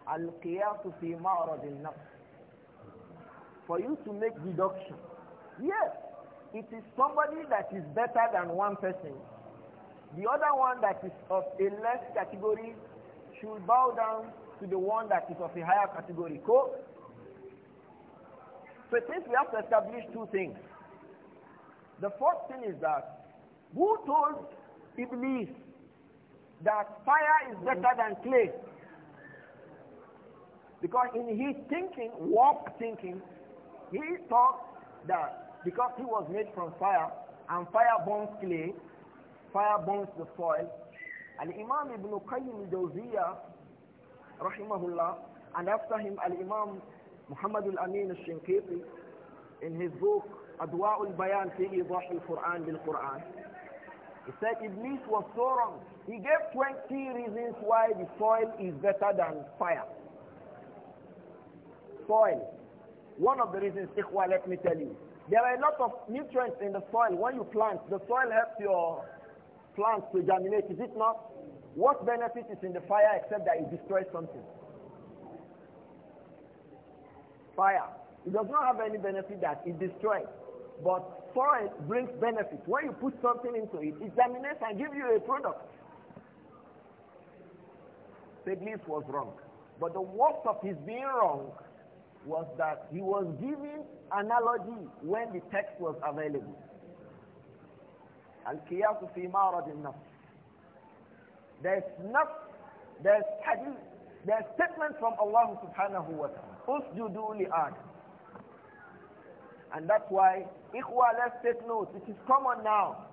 al-qiyas fi ma'rad al-nafs. For you to make deduction. Yes, it is somebody that is better than one person. The other one that is of a less category should bow down to the one that is of a higher category. Cool? So it means we have to establish two things. The first thing is that who told Iblis that fire is better than clay? Because in his thinking, warped thinking, he thought that because he was made from fire, and fire burns clay, fire burns the soil, and Imam Ibn Qayyim al-Jawziyah rahimahullah, and after him Al-Imam Muhammad al-Amin al-Shinkiti, in his book Adwa al-Bayan fi Idah al-Quran bil-Quran, he said Iblis was so wrong. He gave 20 reasons why the soil is better than fire. Soil. One of the reasons, Ikhwa, let me tell you. There are a lot of nutrients in the soil. When you plant, the soil helps your plants to germinate, is it not? What benefit is in the fire except that it destroys something? Fire. It does not have any benefit that it destroys. But soil brings benefit. When you put something into it, it germinates and gives you a product. Sedlis was wrong. But the worst of his being wrong was that he was giving analogy when the text was available. Al-Qiyasu fi ma'rad nafs there's not, there's hadith, there's statement from Allah subhanahu wa ta'ala. Usjudu And that's why, ikhwa, let's take note. It is common now.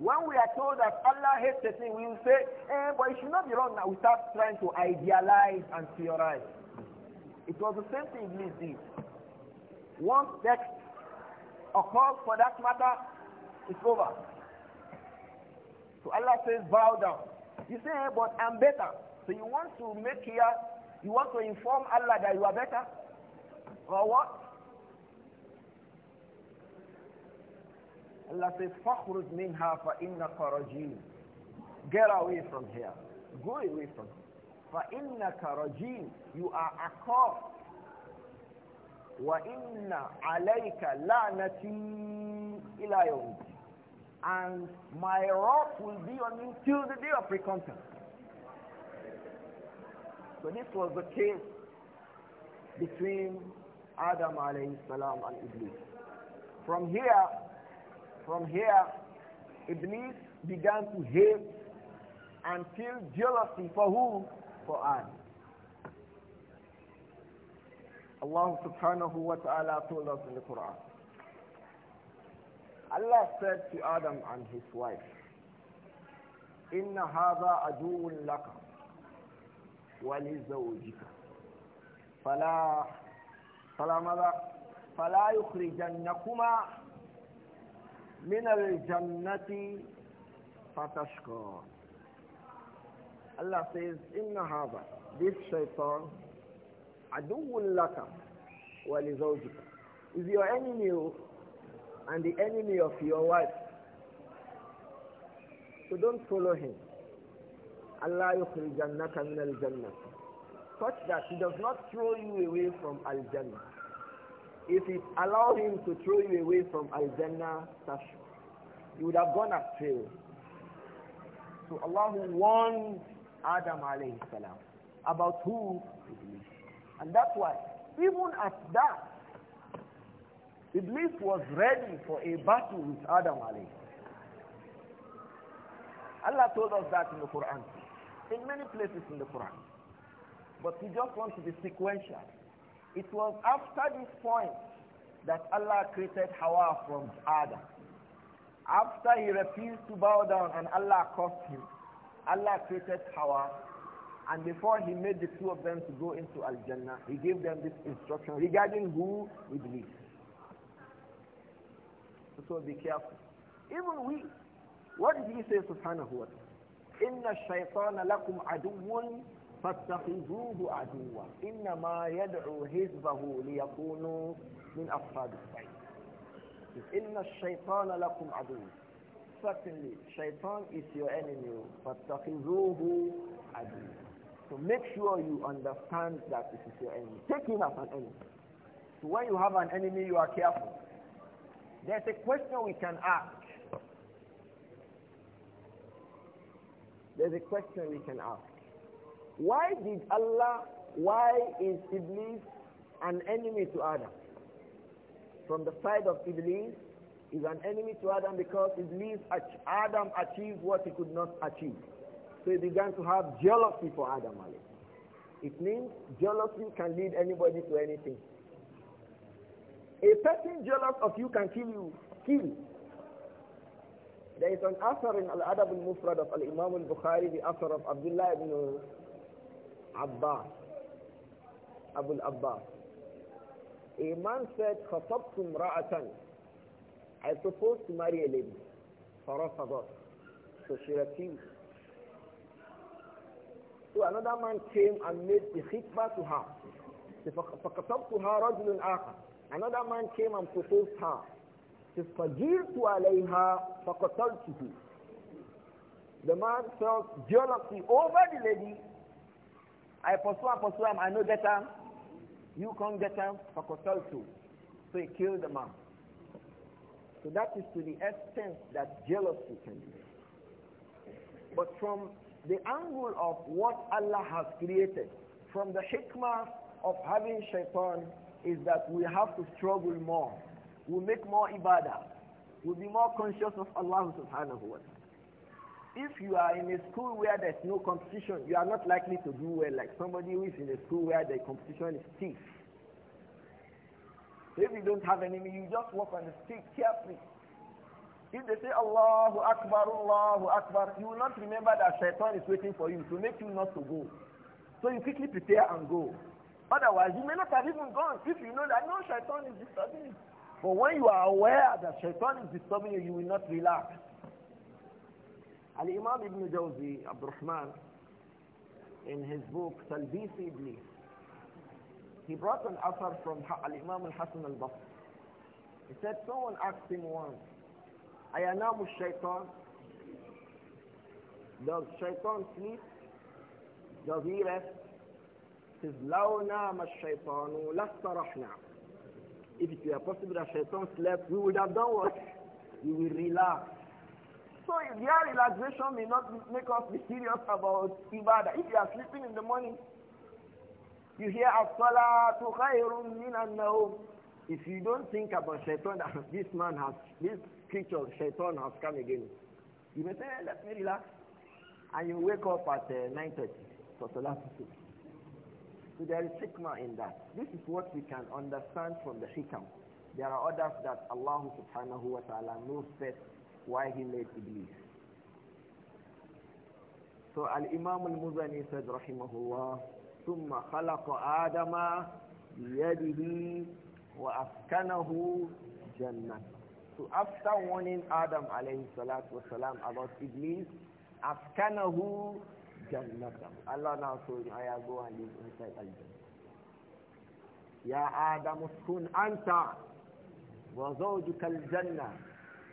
When we are told that Allah hates a thing, we will say, eh, but it should not be wrong now. We start trying to idealize and theorize. It was the same thing Iblis did. Once text occurs for that matter, it's over. So Allah says, bow down. You say, hey, eh, but I'm better. So you want to make here, you want to inform Allah that you are better? Or what? Allah says, فَخْرُجْ مِنْهَا فَإِنَّكَ رَجِيمٌ Get away from here. Go away from here. فَإِنَّكَ رَجِيمٌ You are accursed. وَإِنَّ عَلَيْكَ لَعْنَتِي إِلَى يَوْمِ and my wrath will be on you till the day of recompense. So this was the case between Adam alayhi salam and Iblis. From here, from here, Iblis began to hate and feel jealousy for who? For Adam. Allah subhanahu wa ta'ala told us in the Quran. Allah said to Adam and his wife, Inna hada aduun laka walizawjika. Fala, fala mada, fala yukhrijannakuma min al-jannati fatashqa. Allah says, Inna hada, this shaitan, aduun laka walizawjika. Is your enemy and the enemy of your wife. So don't follow him. Allah yukhrijannaka min al-jannah. Such that he does not throw you away from al-jannah. If it allow him to throw you away from al-jannah, you would have gone astray. So Allah warned Adam alayhi salam about who? And that's why, even at that, Iblis was ready for a battle with Adam alayhi. Allah told us that in the Quran, in many places in the Quran. But he just wants to be sequential. It was after this point that Allah created Hawa from Adam. After he refused to bow down and Allah cursed him, Allah created Hawa. And before he made the two of them to go into Al-Jannah, he gave them this instruction regarding who we believe. So be careful. Even we, what did he say subhanahu wa ta'ala? Inna shaytana lakum aduwwun aduwa. Inna ma يدعو حزبه ليكونوا min أصحاب السعيد إن الشيطان لكم aduun. Certainly, shaitan is your enemy. فاتخذوه aduwa. So make sure you understand that this is your enemy. Take him as an enemy. So when you have an enemy, you are careful. There's a question we can ask. There's a question we can ask. Why did Allah, why is Iblis an enemy to Adam? From the side of Iblis is an enemy to Adam because Iblis, Adam achieved what he could not achieve. So he began to have jealousy for Adam. It means jealousy can lead anybody to anything. A person jealous of you can kill you. Kill. There is an author in Al-Adab al-Mufrad of Al-Imam al-Bukhari, the author of Abdullah ibn Abbas, Abu abbas A man said, خَطَبْتُمْ raatan." I propose to marry a lady. فرفضت. So she refused. So another man came and made the khitbah to her. فَكَتَبْتُهَا رَجُلٌ آخَرٍ Another man came and proposed her. He فَجِرْتُ عَلَيْهَا فَقَتَلْتُهُ The man felt jealousy over the lady. I pursue him, pursue him, I know get him. You can't get him, فَقَتَلْتُهُ So he killed the man. So that is to the extent that jealousy can be. But from the angle of what Allah has created, from the hikmah of having shaitan is that we have to struggle more. we make more ibadah. We'll be more conscious of Allah subhanahu wa ta'ala. If you are in a school where there's no competition, you are not likely to do well like somebody who is in a school where the competition is stiff. If you don't have enemy, you just walk on the street carefully. If they say Allahu Akbar, Allahu Akbar, you will not remember that shaitan is waiting for you to make you not to go. So you quickly prepare and go. Otherwise, you may not have even gone if you know that no shaitan is disturbing you. But when you are aware that shaitan is disturbing you, you will not relax. Al-Imam Ibn Jawzi, Abdurrahman, in his book, Talbis Iblis, he brought an offer from Al-Imam Al-Hasan Al-Basri. He said, someone asked him once, Ayanamu shaitan? Does shaitan sleep? Does he rest? says, لَوْ نَامَ الشَّيْطَانُ If it were possible that shaitan slept, we would have done what? We will relax. So if your relaxation may not make us be serious about ibadah. If you are sleeping in the morning, you hear as-salatu khayrun min an If you don't think about shaitan, this man has, this creature, shaitan has come again. You may say, eh, let me relax. And you wake up at uh, 9.30 for Salat so there is hikmah in that. This is what we can understand from the hikam. There are others that Allah subhanahu wa ta'ala knows best why he made Iblis. So Al-Imam Al-Muzani said, rahimahullah, ثم خلق آدم بيده وأسكنه جنة. So after warning Adam alayhi salatu wasalam about Iblis, أسكنه Allah now told him, I go and live inside al Ya Adam uskun anta wa zawjuka al-jannah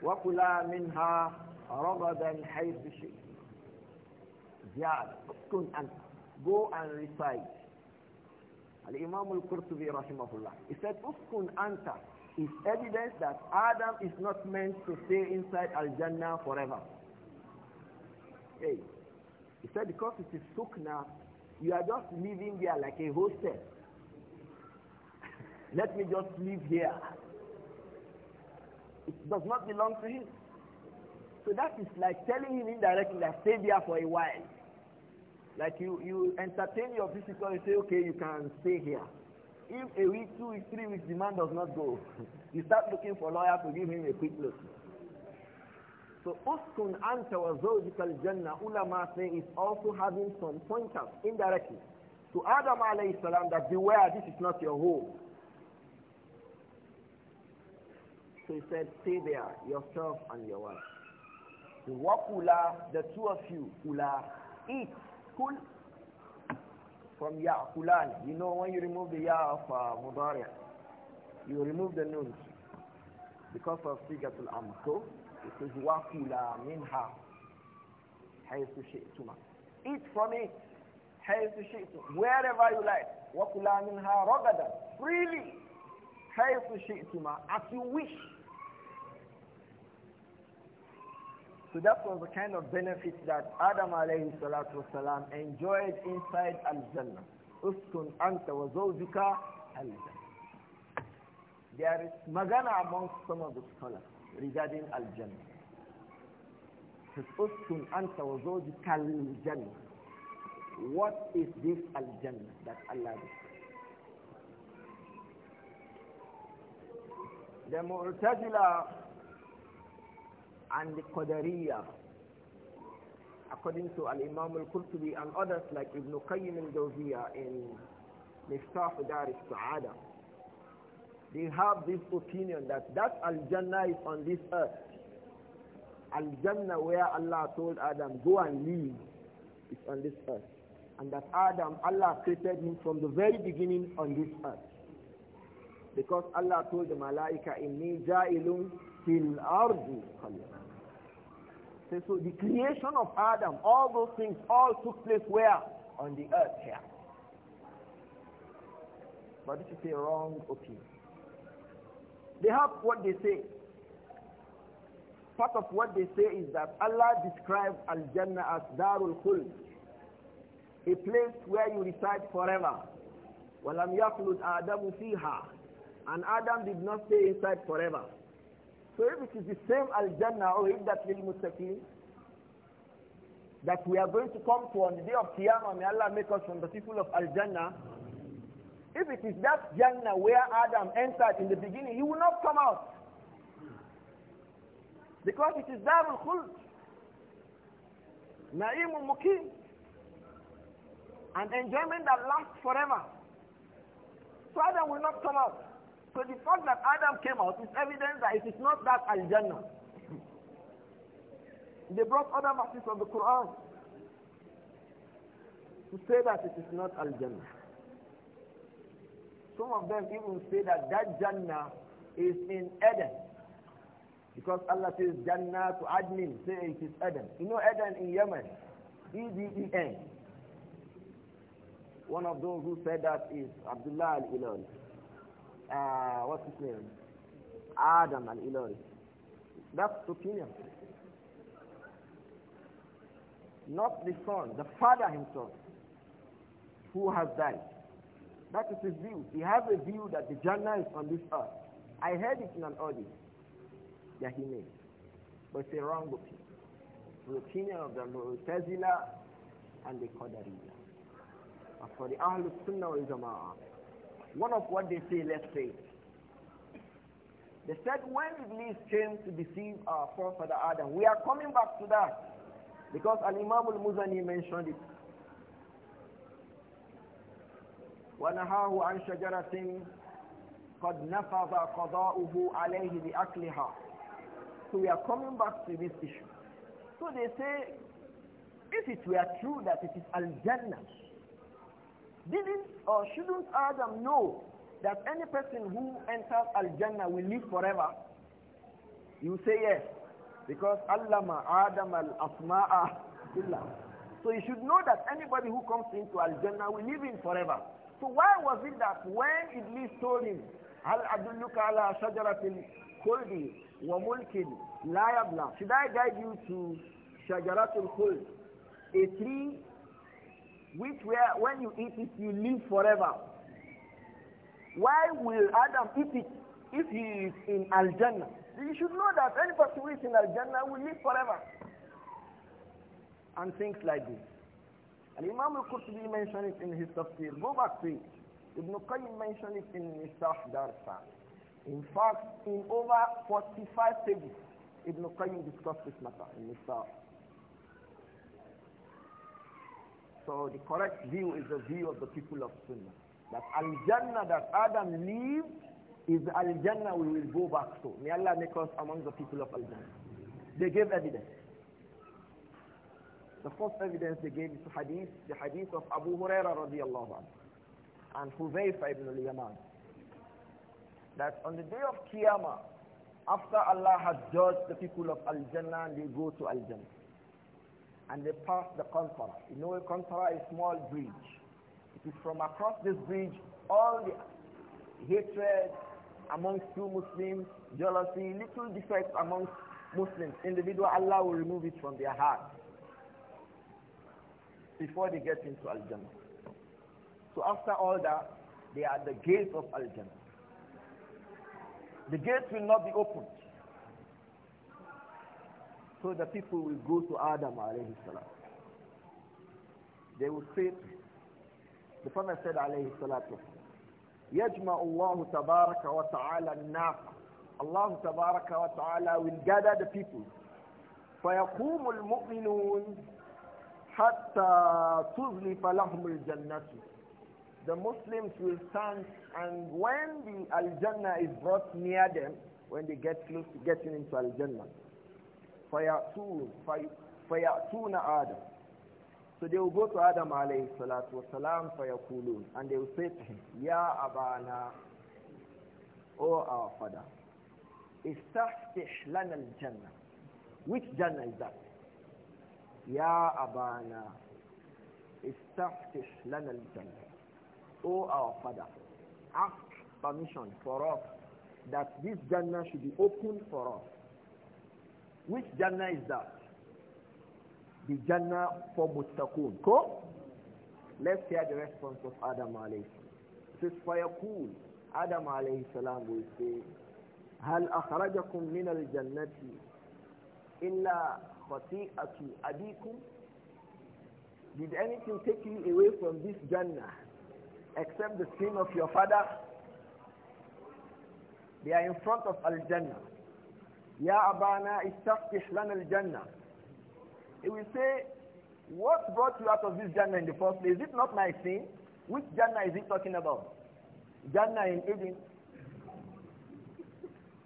wa kula minha ragadan haythu shi'ta. Ya uskun anta. Go and recite. Al-Imam al-Qurtubi rahimahullah. He said, uskun anta is evidence that Adam is not meant to stay inside al-jannah forever. Hey. He said, because it is sukna, you are just living there like a hostel. Let me just live here. It does not belong to him. So that is like telling him indirectly that stay there for a while. Like you, you entertain your visitor and say, okay, you can stay here. If a week, two weeks, three weeks, demand does not go, you start looking for lawyer to give him a quick notice. So uskun anta wa zawjikal jannah ulama say is also having some pointers indirectly. To Adam alayhi salam that beware this is not your home. So he said stay there yourself and your wife. The wakula, the two of you, ula, eat, kul, from ya'kulan. You know when you remove the ya of uh, mudariya, you remove the nun because of sigatul amko. It says, وَكُلَا مِنْهَا حَيْثُ شِئْتُمَا Eat from it. حَيْثُ شِئْتُمَا Wherever you like. وَكُلَا minha رَغَدًا Freely. حَيْثُ شِئْتُمَا As you wish. So that was the kind of benefit that Adam alayhi salatu wasalam enjoyed inside Al-Jannah. Uskun anta wa zawjika Al-Jannah. There is magana amongst some of the scholars regarding Al-Jannah. Husnul anta wa zawjukal jannah. What is this al-jannah that Allah describes? The Mu'tazila and the Qadariya according to al-Imam al-Qurtubi and others like Ibn Qayyim al-Jawziyah in Miftah Dar al-Sa'adah they have this opinion that that Al-Jannah is on this earth. Al-Jannah where Allah told Adam, go and live, is on this earth. And that Adam, Allah created him from the very beginning on this earth. Because Allah told the Malaika, Inni ja'ilun fil ardi So the creation of Adam, all those things, all took place where? On the earth here. But this is a wrong opinion. They have what they say. Part of what they say is that Allah described Al-Jannah as Darul Khuld, a place where you reside forever. وَلَمْ يَخْلُدْ آدَمُ فِيهَا And Adam did not stay inside forever. So if it is the same Al-Jannah or oh, if that lil mustaqim that we are going to come to on the day of Qiyamah, may Allah make us from the people of Al-Jannah, if it is that Jannah where Adam entered in the beginning, he will not come out. Because it is Darul Khuld. Naimul Mukim. An enjoyment that lasts forever. So Adam will not come out. So the fact that Adam came out is evidence that it is not that Al-Jannah. They brought other verses of the Quran to say that it is not Al-Jannah. Some of them even say that that Jannah is in Eden. Because Allah says Jannah to Admin, say it is Eden. You know Eden in Yemen? E-D-E-N. One of those who said that is Abdullah al-Ilari. Uh, what's his name? Adam al-Ilari. That's opinion. Not the son, the father himself who has died. That is his view. He has a view that the Jannah is on this earth. I heard it in an audience that he made. But it's a wrong opinion. The opinion of the Mu'tazila and the Qadariya. As for the Ahlul Sunnah wal Jama'ah, one of what they say, let's say, they said when Iblis came to deceive our forefather Adam, we are coming back to that. Because Al-Imam al-Muzani mentioned it ونهاه عن شجرة قد قضاؤه عليه So we are coming back to this issue. So they say, if it were true that it is Al-Jannah, didn't or shouldn't Adam know that any person who enters Al-Jannah will live forever? You say yes, because Allama Adam al-Asma'a So you should know that anybody who comes into Al-Jannah will live in forever. So why was it that when Iblis told him, هل أدلك على شجرة wa وملك لا يبلى Should I guide you to Shajaratul الخلد? A tree which where, when you eat it, you live forever. Why will Adam eat it if he is in Al-Jannah? You should know that any person who is in Al-Jannah will live forever. And things like this. And Imam al-Qurtubi mentioned it in his tafsir. Go back to it. Ibn Qayyim mentioned it in his Darsa. In fact, in over 45 pages, Ibn Qayyim discussed this matter in Mistah. So the correct view is the view of the people of Sunnah. That Al-Jannah that Adam lived is Al-Jannah we will go back to. May Allah make us among the people of Al-Jannah. They gave evidence. The first evidence they gave is hadith, the hadith of Abu Huraira radiallahu anhu and Huzaifa ibn al-Yaman. That on the day of Qiyamah, after Allah has judged the people of Al-Jannah, they go to Al-Jannah. And they pass the Qantara. You know, a Qantara is a small bridge. It is from across this bridge, all the hatred amongst two Muslims, jealousy, little defects amongst Muslims, individual, Allah will remove it from their heart before they get into Al-Jannah. So after all that, they are the gates of Al-Jannah. The gates will not be opened. So the people will go to Adam alayhi salam. They will say, the Prophet said alayhi salatu, يَجْمَعُ اللَّهُ تَبَارَكَ وَتَعَالَى النَّاقَ Allah تَبَارَكَ وَتَعَالَى will gather the people. فَيَقُومُ الْمُؤْمِنُونَ hatta tuzli falahumul jannatu. The Muslims will stand and when the Al-Jannah is brought near them, when they get close to getting into Al-Jannah, fayatuna Adam. So they will go to Adam alayhi salatu wasalam fayakulun and they will say to him, Ya Abana, O our father, istahsih lana al-Jannah. Which Jannah is that? يا أبانا استفتح لنا الجنة أو our father ask permission for us that this Jannah should be open for us which Jannah is that the Jannah for Muttaqun Go. let's hear the response of Adam alayhi fire cool Adam عليه السلام will say هل أخرجكم من الجنة إلا khati'atu abikum did anything take you away from this jannah except the sin of your father they are in front of al jannah ya abana istaftih lana al jannah he will say what brought you out of this jannah in the first place is it not my sin which jannah is he talking about jannah in eden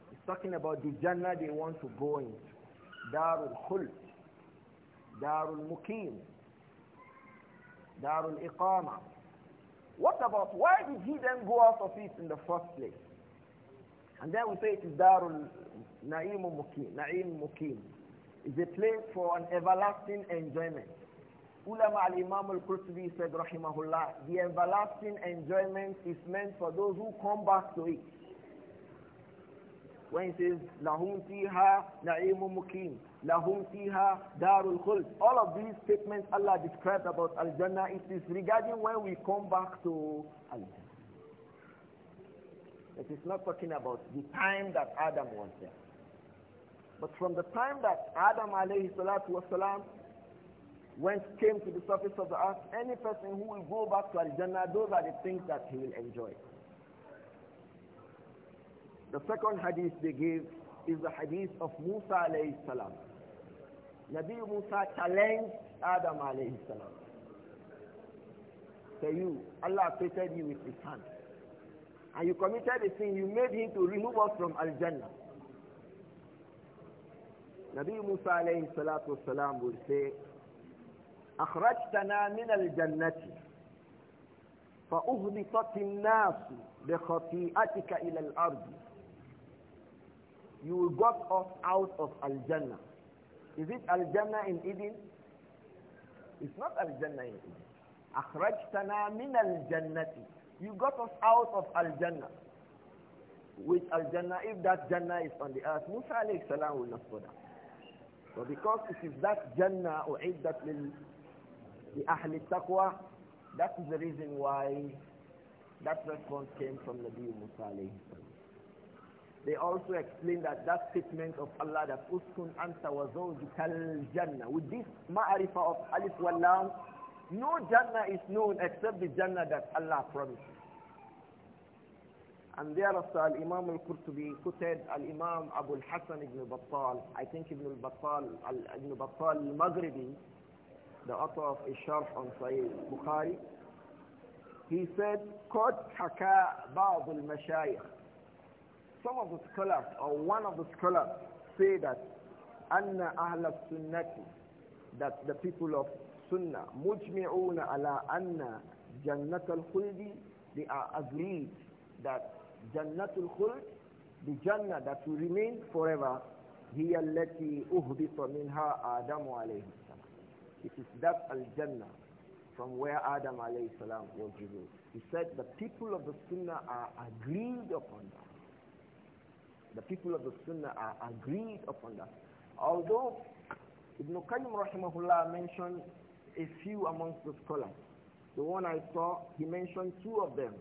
he's talking about the jannah they want to go into Darul Khulf, Darul Mukim, Darul Iqama. What about, why did he then go out of it in the first place? And then we say it is Darul Naim Mukim, Naim Mukim. is a place for an everlasting enjoyment. Ulama al-Imam al-Qurtubi said, Rahimahullah, the everlasting enjoyment is meant for those who come back to it. When he says, Lahum fiha na'imu mukim, Lahum fiha darul khuld. All of these statements Allah described about Al-Jannah, it is regarding when we come back to Al-Jannah. It is not talking about the time that Adam was there. But from the time that Adam alayhi salatu wasalam went, came to the surface of the earth, any person who will go back to Al-Jannah, those are the things that he will enjoy. The second hadith they gave is the hadith of Musa alayhi salam. Nabi Musa challenged Adam alayhi salam. Say you, Allah created you with his hand. And you committed a sin, you made him to remove us from Al-Jannah. Nabi Musa alayhi salatu salam will say, أخرجتنا من الجنة فأهبطت الناس بخطيئتك إلى الأرض you got us out of Al-Jannah. Is it Al-Jannah in Eden? It's not Al-Jannah in Eden. أخرجتنا من الجنة. You got us out of Al-Jannah. Which Al-Jannah, if that Jannah is on the earth, Musa alayhi salam will not go down. So because it is that Jannah أعدت لل Ahlul التقوى, that is the reason why that response came from Nabi Musa alayhi salam. They also explain that that statement of Allah that uskun anta wa zawjukal jannah. With this ma'rifah of alif wa lam, no jannah is known except the jannah that Allah promised. And thereafter Al-Imam Al-Qurtubi quoted Al-Imam Abu al Ibn Battal, I think Ibn Battal, al Ibn Battal Al-Maghribi, the author of Isharh on Sahih Bukhari, he said, قد حكى بعض المشايخ some of the scholars, or one of the scholars, say that Anna Ahl Sunnati, that the people of Sunnah, Mujmi'una ala Anna Jannat al Khuldi, they are agreed that Jannatul Khuld, the Jannah that will remain forever, هي التي أهبط منها آدم عليه السلام. It is that Al-Jannah from where Adam alayhi salam was removed. He said the people of the Sunnah are agreed upon that. The people of the Sunnah are agreed upon that. Although Ibn Qayyim rahimahullah mentioned a few amongst the scholars. The one I saw, he mentioned two of them.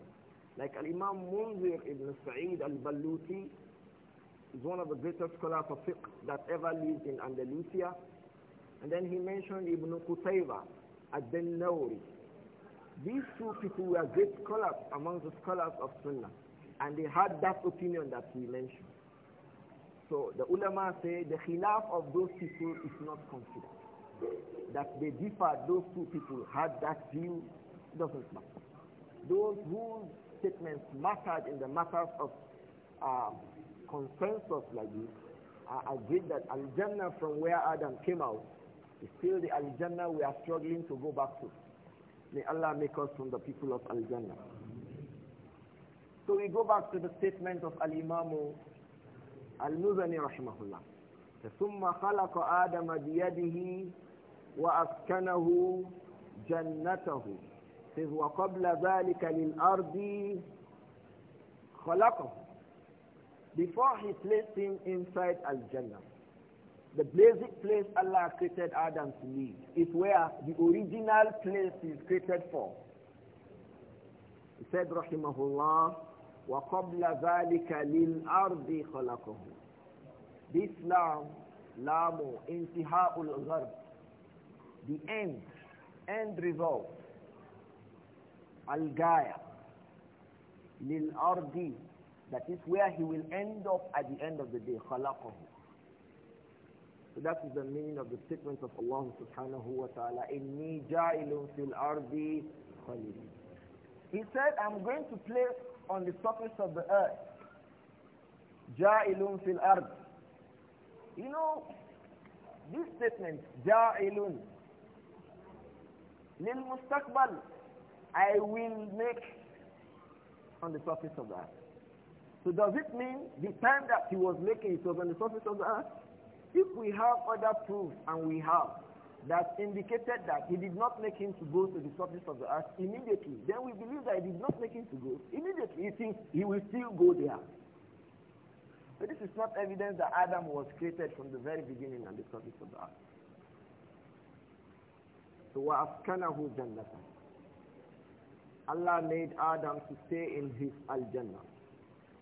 Like Al-Imam Munzir ibn Sa'id al-Baluti is one of the greatest scholars of fiqh that ever lived in Andalusia. And then he mentioned Ibn Qutayba al-Dannawri. These two people were great scholars amongst the scholars of Sunnah. And they had that opinion that he mentioned. So the ulama say the khilaf of those people is not considered. That they differ, those two people had that view, doesn't matter. Those whose statements mattered in the matters of uh, consensus like this I agree that Al-Jannah from where Adam came out is still the Al-Jannah we are struggling to go back to. May Allah make us from the people of Al-Jannah. So we go back to the statement of Al-Imam المزني رحمه الله ثم خلق آدم بيده وأسكنه جنته إذ وقبل ذلك للأرض خلقه before he placed him inside Al-Jannah. The basic place Allah created Adam to live is where the original place is created for. He said, Rahimahullah, وَقَبْلَ ذَلِكَ لِلْأَرْضِ خَلَقَهُ This lam, lamu, intihaul gharb, the end, end result, al-gaya, lil-ardi, that is where he will end up at the end of the day, خَلَقَهُ So that is the meaning of the statement of Allah subhanahu wa ta'ala, إِنِّي جَعِلٌ فِي الْأَرْضِ خَلِيلٌ He said, I'm going to place on the surface of the earth. Ja'ilun fil ard. You know, this statement, Ja'ilun, lil mustaqbal, I will make on the surface of the earth. So does it mean the time that he was making it was on the surface of the earth? If we have other proofs, and we have, that indicated that he did not make him to go to the surface of the earth immediately, then we believe that he did not make him to go immediately. He thinks he will still go there. But this is not evidence that Adam was created from the very beginning on the surface of the earth. So وَأَسْكَنَهُ جَنَّةً Allah made Adam to stay in his al-Jannah.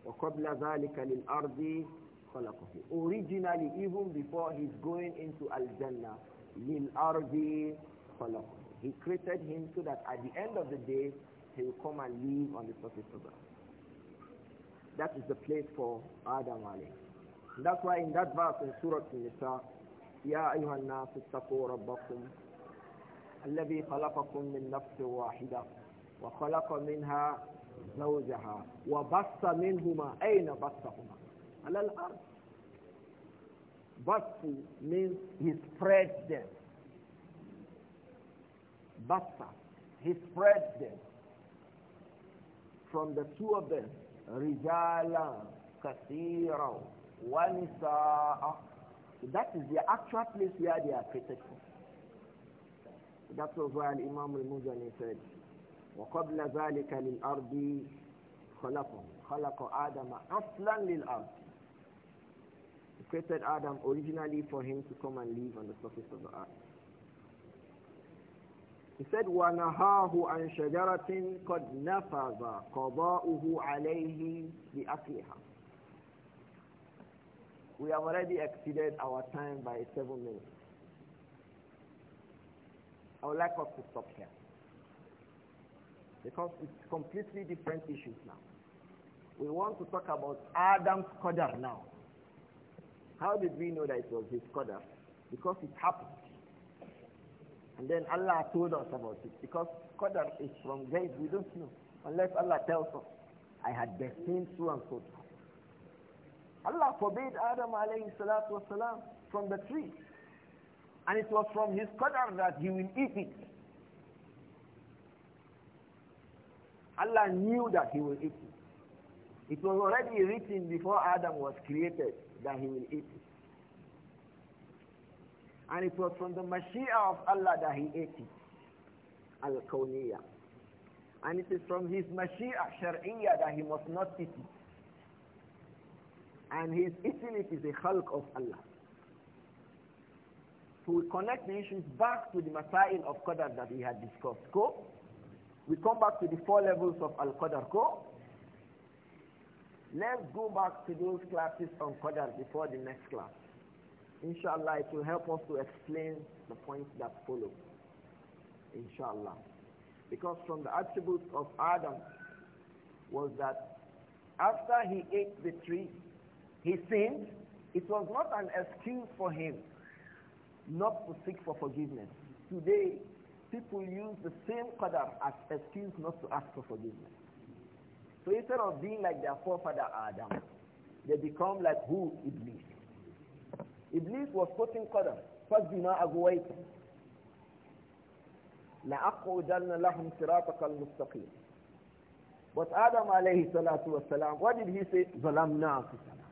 وَقَبْلَ ذَلِكَ لِلْأَرْضِ خَلَقَهُ Originally, even before his going into al-Jannah, لِلْأَرْضِ خَلَقَ He created him so that at the end of the day, he will come and live on the surface of the earth. That is the place for Adam Ali. That's why in that verse in Surah An-Nisa, يا أيها الناس اتقوا ربكم الذي خلقكم من نفس واحدة وخلق منها زوجها وبث منهما أين بثهما على الأرض Basu means he spread them. Basa, he spread them. From the two of them, Rijala, Kasira, Wanisa. That is the actual place where they are created That was why Imam al-Muzani said, وقبل ذلك للأرض خلقه خلق آدم أصلا للأرض created Adam originally for him to come and live on the surface of the earth. He said, وَنَهَاهُ عَنْ شَجَرَةٍ قَدْ نَفَذَ قَضَاؤُهُ عَلَيْهِ بِأَكْلِهَا We have already exceeded our time by seven minutes. I would like us to stop here. Because it's completely different issues now. We want to talk about Adam's Qadar now. How did we know that it was his qadr? Because it happened. And then Allah told us about it. Because qadr is from God. We don't know. Unless Allah tells us, I had destined so and so. Allah forbade Adam alayhi salatu wasalam from the tree. And it was from his qadr that he will eat it. Allah knew that he will eat it. It was already written before Adam was created that he will eat it. And it was from the Mashiach of Allah that he ate it. Al-Kawniyah. And it is from his Mashiach Shar'iyah that he must not eat it. And his eating it is a khalq of Allah. So we connect the issues back to the Masail of Qadar that we had discussed. Go. We come back to the four levels of Al-Qadar. Go. Let's go back to those classes on Qadar before the next class. Inshallah, it will help us to explain the points that follow. Inshallah. Because from the attributes of Adam was that after he ate the tree, he sinned. It was not an excuse for him not to seek for forgiveness. Today, people use the same Qadar as excuse not to ask for forgiveness. So instead of being like their forefather Adam, they become like who? Iblis. Iblis was quoting Qadr. فَزِّمَا أَغْوَيْتَ لَأَقْعُدَنَّ لَهُمْ صِرَاطَكَ الْمُسْتَقِيمِ But Adam alayhi salatu wasalam, what did he say? ظَلَمْنَا أَنفُسَنَا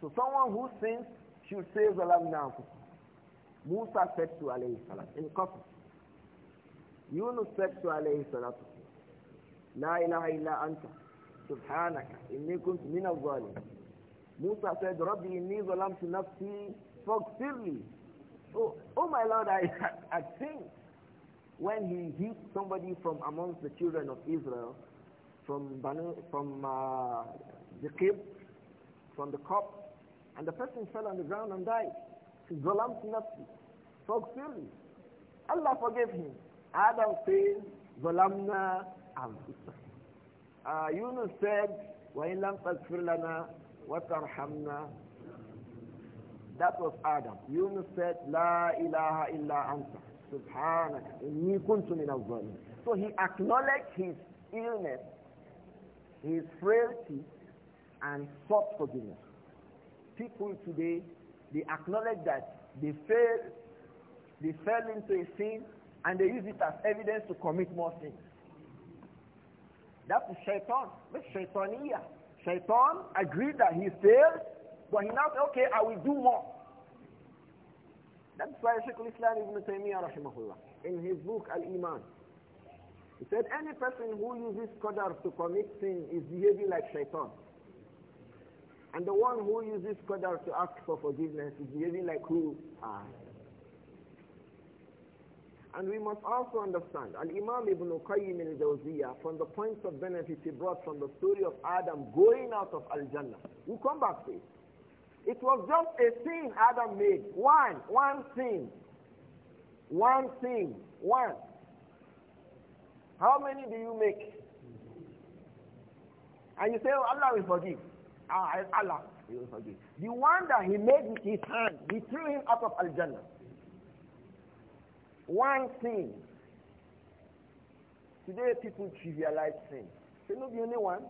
So someone who sins should say ظَلَمْنَا أَنفُسَنَا Musa said to alayhi salam, in Qasr. Yunus said to alayhi salatu لا إله إلا أنت سبحانك إني كنت من الظالمين موسى Musa said, Rabbi inni zalamtu nafsi faghfirli. Oh, oh my Lord, I, I, think when he hit somebody from amongst the children of Israel, from Banu, from uh, the cave, from the cup, and the person fell on the ground and died. Zalamtu nafsi. Faghfirli. Allah forgave him. Adam said ظلمنا uh, Yunus said, وَإِن لَمْ تَغْفِرْ لَنَا وَتَرْحَمْنَا That was Adam. Yunus said, لَا إِلَهَ إِلَّا أَنْتَ سُبْحَانَكَ إِنِّي كُنْتُ مِنَ الظَّالِمِينَ So he acknowledged his illness, his frailty, and sought forgiveness. People today, they acknowledge that they failed, they fell into a sin, and they use it as evidence to commit more sins. That is shaitan. That's here, Shaitan agreed that he failed, but he now said, okay, I will do more. That's why Sheikh Islam Ibn Taymiyyah rahimahullah, in his book Al-Iman, he said, any person who uses qadar to commit sin is behaving like shaitan. And the one who uses qadar to ask for forgiveness is behaving like who? Ah. And we must also understand, and imam Ibn Qayyim al-Jawziyah, from the points of benefit he brought from the story of Adam going out of Al-Jannah, we come back to it. It was just a sin Adam made. One, one sin. One sin. One. How many do you make? And you say, oh, Allah will forgive. Ah, Allah, will forgive. The one that he made with his hand, he threw him out of Al-Jannah. One thing. Today people trivialize things. Say, not the only one.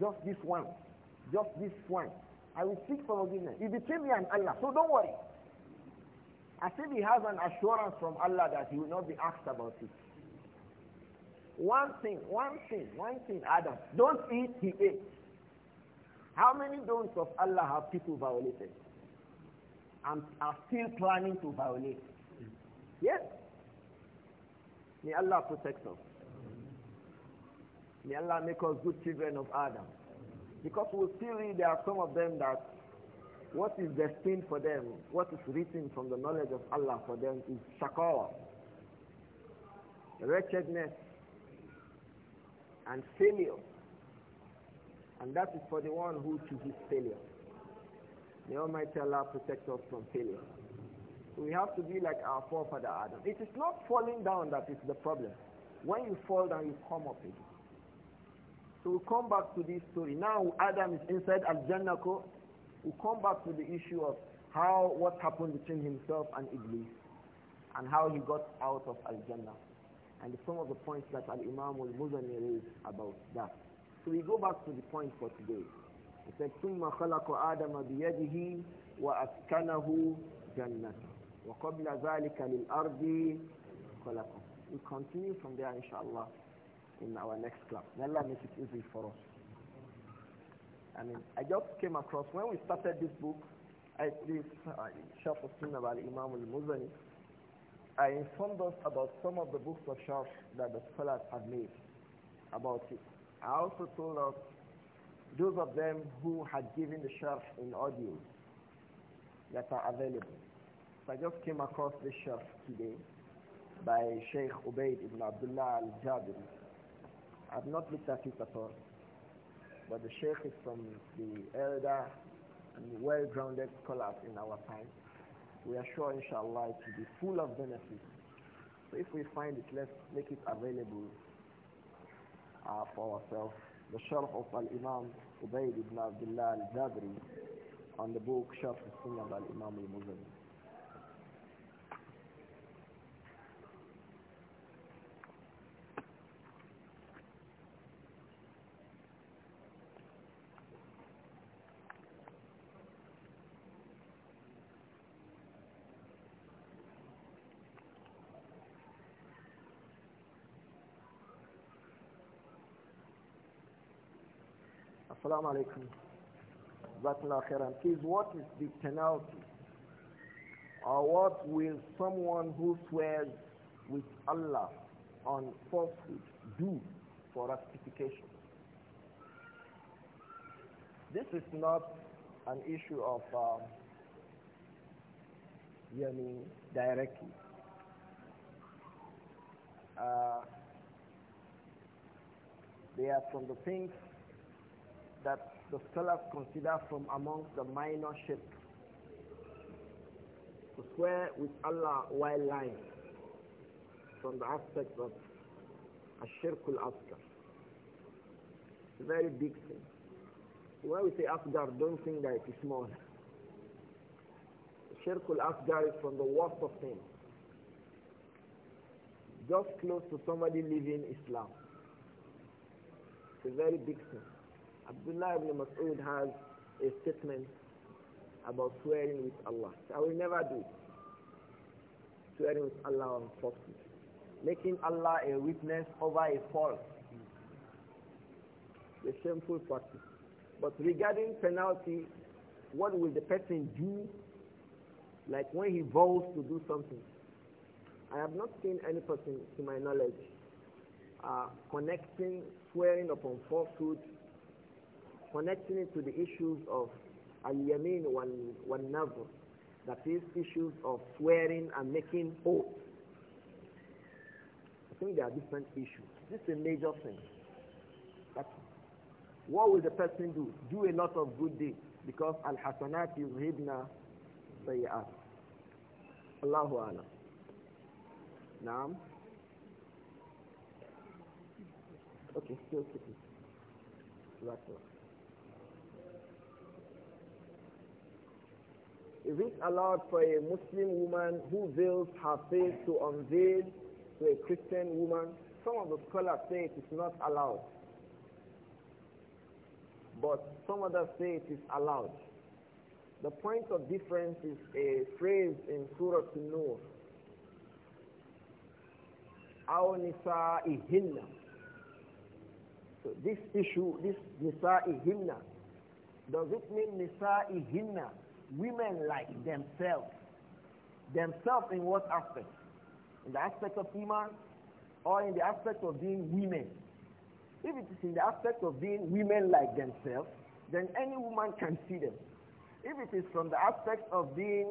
Just this one. Just this one. I will seek for forgiveness. It between me and Allah. So don't worry. I said he has an assurance from Allah that he will not be asked about it. One thing, one thing, one thing, Adam. Don't eat, he ate. How many don'ts of Allah have people violated? And are still planning to violate? Yes. May Allah protect us. May Allah make us good children of Adam. Because we still read there are some of them that what is destined for them, what is written from the knowledge of Allah for them is shakawa, wretchedness, and failure. And that is for the one who chooses failure. May Almighty Allah protect us from failure we have to be like our forefather Adam. It is not falling down that is the problem. When you fall down, you come up again. So we come back to this story. Now Adam is inside Al-Jannah. We come back to the issue of how what happened between himself and Iblis and how he got out of Al-Jannah and some of the points that Al-Imam Al-Muzani raised about that. So we go back to the point for today. He said, ثُمَّ خَلَقَ آدَمَ بِيَدِهِ وَأَسْكَنَهُ جَنَّةً وَقَبْلَ ذَلِكَ لِلْأَرْضِ خَلَقَكُمْ We continue from there inshallah in our next class. May Allah make it easy for us. I mean, I just came across, when we started this book, I this uh, Sharf al-Sunnah by Imam al-Muzani, I informed us about some of the books of Sharf that the scholars have made about it. I also told us those of them who had given the Sharf in audio that are available. I just came across this shelf today by Sheikh Ubaid ibn Abdullah al-Jabir. I've not looked at it at all. But the Sheikh is from the elder and well-grounded scholars in our time. We are sure, inshallah, it will be full of benefits. So if we find it, let's make it available uh, for ourselves. The Sharh of Al-Imam Ubaid ibn Abdullah al-Jabri on the book Sharh of sunnah al-Imam al Muslim. Assalamu alaikum. Khairan. Please, what is the penalty? Or what will someone who swears with Allah on falsehood do for rectification? This is not an issue of um, yani directly. Uh, they are from the things that the scholars consider from amongst the minor shirk. To swear with Allah while lying from the aspect of Ashirkul Asgar. It's a very big thing. When we say Asgar, don't think that it is small. Ashirkul Asgar is from the worst of things. Just close to somebody leaving Islam. It's a very big thing. Abdullah ibn Mas'ud has a statement about swearing with Allah. I will never do it. Swearing with Allah on falsehood. Making Allah a witness over a fault. The shameful practice. But regarding penalty, what will the person do? Like when he vows to do something. I have not seen any person, to my knowledge, uh, connecting swearing upon falsehood connecting it to the issues of al-yamin wal-nazr, that is issues of swearing and making oath. I think there are different issues. This is a major thing. But what will the person do? Do a lot of good deeds because al-hasanat yuzhibna sayyat. Allahu alam. Naam. Okay, still sitting. That's all. Is it allowed for a Muslim woman who veils her face to unveil to a Christian woman? Some of the scholars say it is not allowed. But some others say it is allowed. The point of difference is a phrase in Surah An-Nur. Aw nisa'ihinna. So this issue, this nisa'ihinna, does it mean nisa'ihinna women like themselves. Themselves in what aspect? In the aspect of iman or in the aspect of being women? If it is in the aspect of being women like themselves, then any woman can see them. If it is from the aspect of being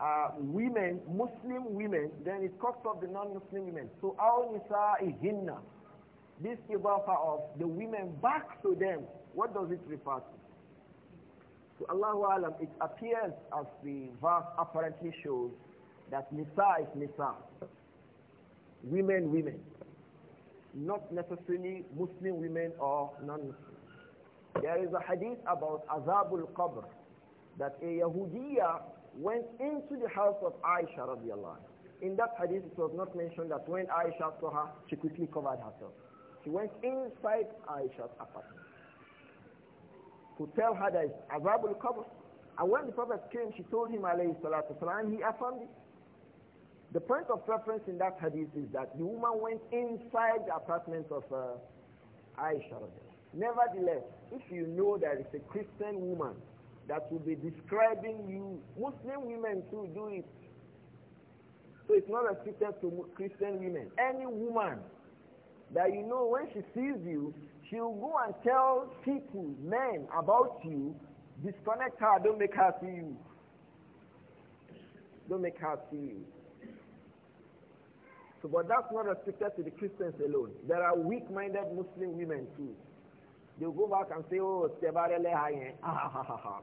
uh, women, Muslim women, then it cuts off the non-Muslim women. So our nisa is hinna. This is of the women back to them. What does it refer to? So Allahu Alam, it appears as the verse apparently shows that Nisa is Nisa. Women, women. Not necessarily Muslim women or non-Muslim. There is a hadith about Azabul Qabr that a Yahudiya went into the house of Aisha radiallahu In that hadith it was not mentioned that when Aisha saw her, she quickly covered herself. She went inside Aisha's apartment. Who tell her that it's Azabul Qabr. And when the Prophet came, she told him, alayhi salatu salam, he affirmed it. The point of reference in that hadith is that the woman went inside the apartment of uh, Aisha. Nevertheless, if you know that it's a Christian woman that will be describing you, Muslim women too do it. So it's not restricted to Christian women. Any woman that you know when she sees you, she will go and tell people, men, about you. Disconnect her. Don't make her see you. Don't make her see you. So, but that's not restricted to the Christians alone. There are weak-minded Muslim women too. They'll go back and say, oh, Stebarele Hayen. Ah, ha, ha, ha.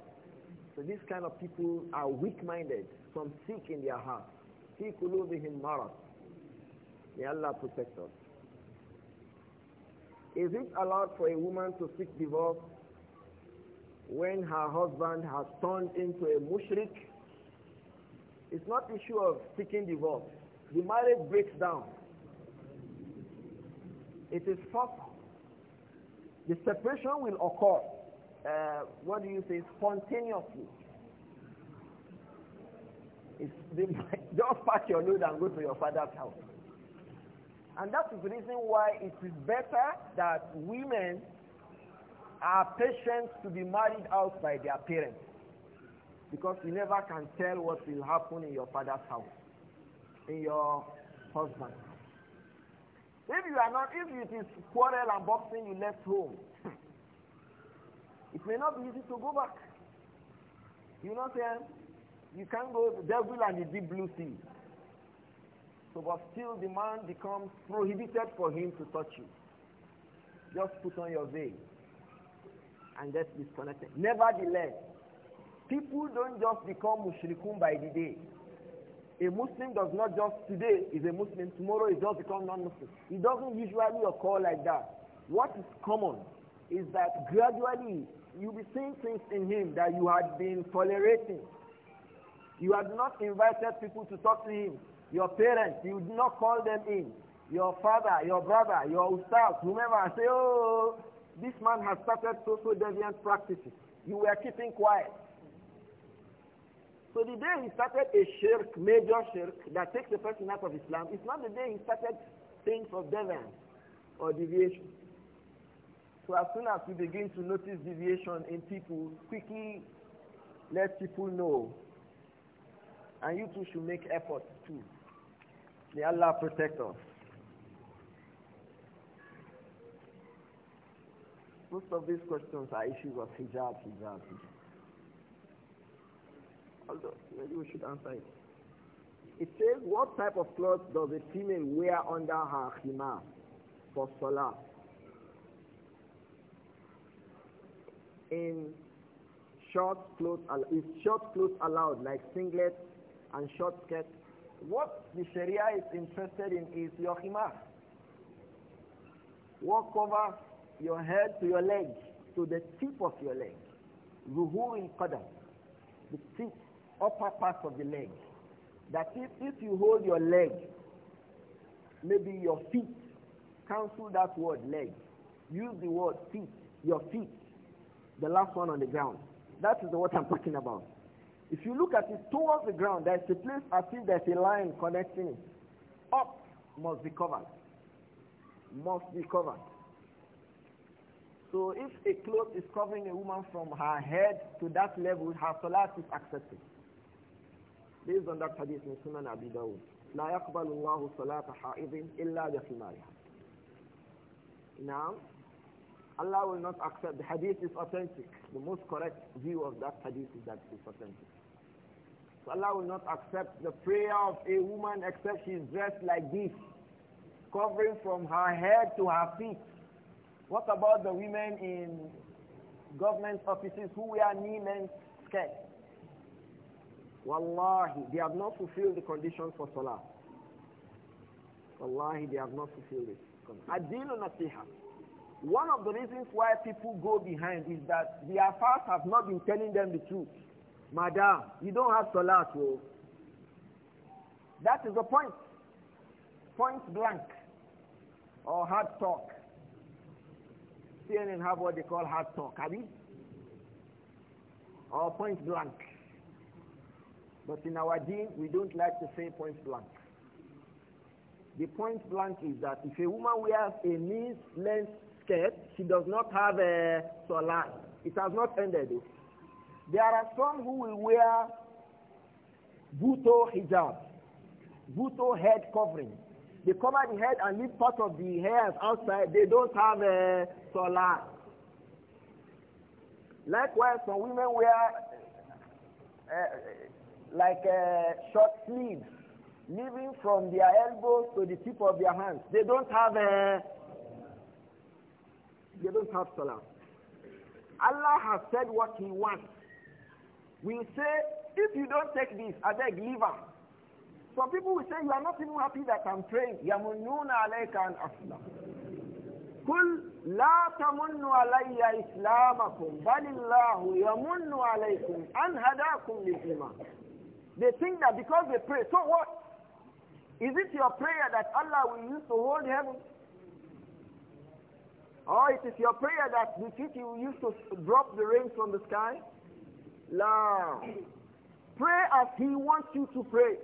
So these kind of people are weak-minded from sick in their hearts. Fi May Allah protect us. Is it allowed for a woman to seek divorce when her husband has turned into a mushrik? It's not issue of seeking divorce. The marriage breaks down. It is forced. The separation will occur. Uh, what do you say? Spontaneously. It's, just pack your load and go to your father's house. And that is the reason why it is better that women are patient to be married out by their parents. Because you never can tell what will happen in your father's house, in your husband. If you are not, if it is quarrel and boxing, you left home. it may not be easy to go back. You know what I'm saying? You can't go the devil and the deep blue sea. So, but still the man becomes prohibited for him to touch you. Just put on your veil and get disconnected. Nevertheless, people don't just become mushrikun by the day. A Muslim does not just today is a Muslim, tomorrow he just become non-Muslim. It doesn't usually occur like that. What is common is that gradually you'll be seeing things in him that you had been tolerating. You had not invited people to talk to him. Your parents, you do not call them in. Your father, your brother, your ustaz, whomever, say, oh, this man has started social deviant practices. You were keeping quiet. So the day he started a shirk, major shirk, that takes a person out of Islam, it's not the day he started things of deviance or deviation. So as soon as we begin to notice deviation in people, quickly let people know. And you too should make efforts too. May Allah protect us. Most of these questions are issues of hijab, hijab, hijab. Although, maybe we should answer it. It says, what type of clothes does a female wear under her khimar for salah? In short clothes, is short clothes allowed, like singlet and short skirts? What the Sharia is interested in is your khimar. Walk over your head to your leg, to the tip of your leg. Zuhurul qadam, the tip, upper part of the leg. That if, if you hold your leg, maybe your feet, cancel that word leg. Use the word feet, your feet, the last one on the ground. That is what I'm talking about. If you look at it towards the ground, there's a place as if there's a line connecting it. Up must be covered. Must be covered. So if a cloth is covering a woman from her head to that level, her salat is accepted. Based on that hadith in Sunan Abi Dawud. لا يقبل الله صلاة حائض إلا بخمارها. Now, Allah will not accept. The hadith is authentic. The most correct view of that hadith is that it's authentic. So Allah will not accept the prayer of a woman except she is dressed like this, covering from her head to her feet. What about the women in government offices who wear knee-length skirts? Wallahi, they have not fulfilled the conditions for salah. Wallahi, they have not fulfilled it. Adil nasiha. One of the reasons why people go behind is that their fast have not been telling them the truth. Madam, you don't have salat, oh. That is the point. Point blank. Or hard talk. CNN have what they call hard talk, have you? Or point blank. But in our deen, we don't like to say point blank. The point blank is that if a woman wears a knee length skirt, she does not have a salat. It has not ended. There are some who will wear buto hijab, buto head covering. They cover the head and leave part of the hairs outside. They don't have a salat. Likewise, some women wear uh, like uh, short sleeves, leaving from their elbows to the tip of their hands. They don't have a eh, they don't have salah. Allah has said what he wants. We say, if you don't take this, I beg, leave her. Some people will say, you are not even happy that I'm praying. يَمُنُّونَ عَلَيْكَ أَنْ أَسْلَمَ قُلْ لَا تَمُنُّوا عَلَيَّ إِسْلَامَكُمْ بَلِ اللَّهُ يَمُنُّ عَلَيْكُمْ أَنْ هَدَاكُمْ لِلْإِيمَانِ They think that because they pray, so what? Is it your prayer that Allah will use to hold heaven? Or oh, it is your prayer that the city will use to drop the rain from the sky? La. Pray as he wants you to pray.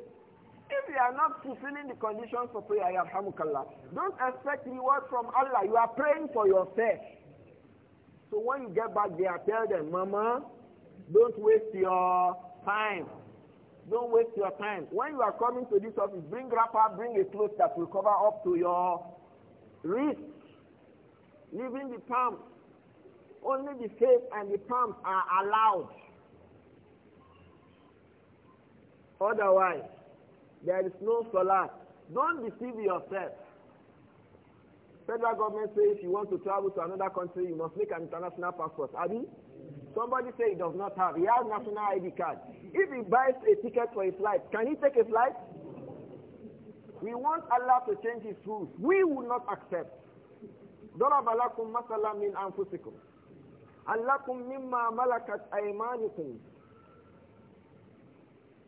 If you are not fulfilling the conditions for prayer, yarhamukallah, don't expect reward from Allah. You are praying for yourself. So when you get back there, tell them, Mama, don't waste your time. Don't waste your time. When you are coming to this office, bring wrapper, bring a cloth that will cover up to your wrist leaving the palm, Only the face and the palm are allowed. Otherwise, there is no salah. Don't deceive yourself. Federal government says if you want to travel to another country, you must make an international passport. Abi, somebody say he does not have. He has national ID card. If he buys a ticket for a flight, can he take a flight? We want Allah to change his rules. We will not accept. ضرب لكم مثلا من أنفسكم أن لكم مما ملكت أيمانكم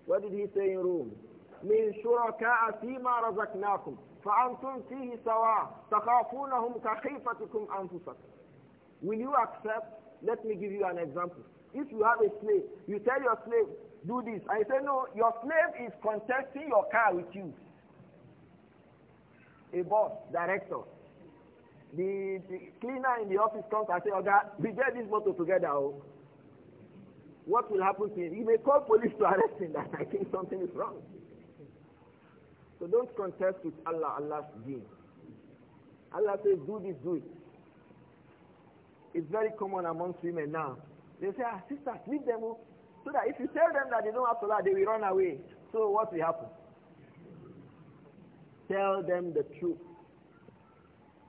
What did he say in Rome? من شركاء فيما رزقناكم فأنتم فيه سواء تخافونهم كخيفتكم أنفسكم Will you accept? Let me give you an example. If you have a slave, you tell your slave, do this. I say, no, your slave is contesting your car with you. A boss, director, the, the, cleaner in the office comes and says, Oga, we get this motor together. Oh. What will happen to him? He may call police to arrest him that I think something is wrong. So don't contest with Allah, Allah's deen. Allah says, do this, do it. It's very common amongst women now. They say, ah, sisters, leave them Oh, So that if you tell them that they don't have to lie, they will run away. So what will happen? Tell them the truth.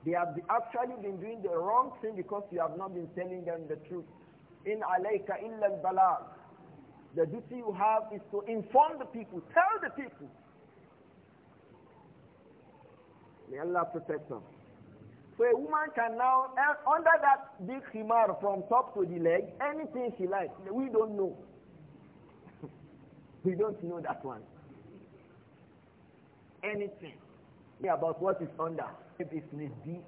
They have actually been doing the wrong thing because you have not been telling them the truth. In alayka illa al-balag. The duty you have is to inform the people, tell the people. May Allah protect them. So a woman can now, under that big himar from top to the leg, anything she likes. We don't know. we don't know that one. Anything. Yeah, about what is under. If it's misdeed,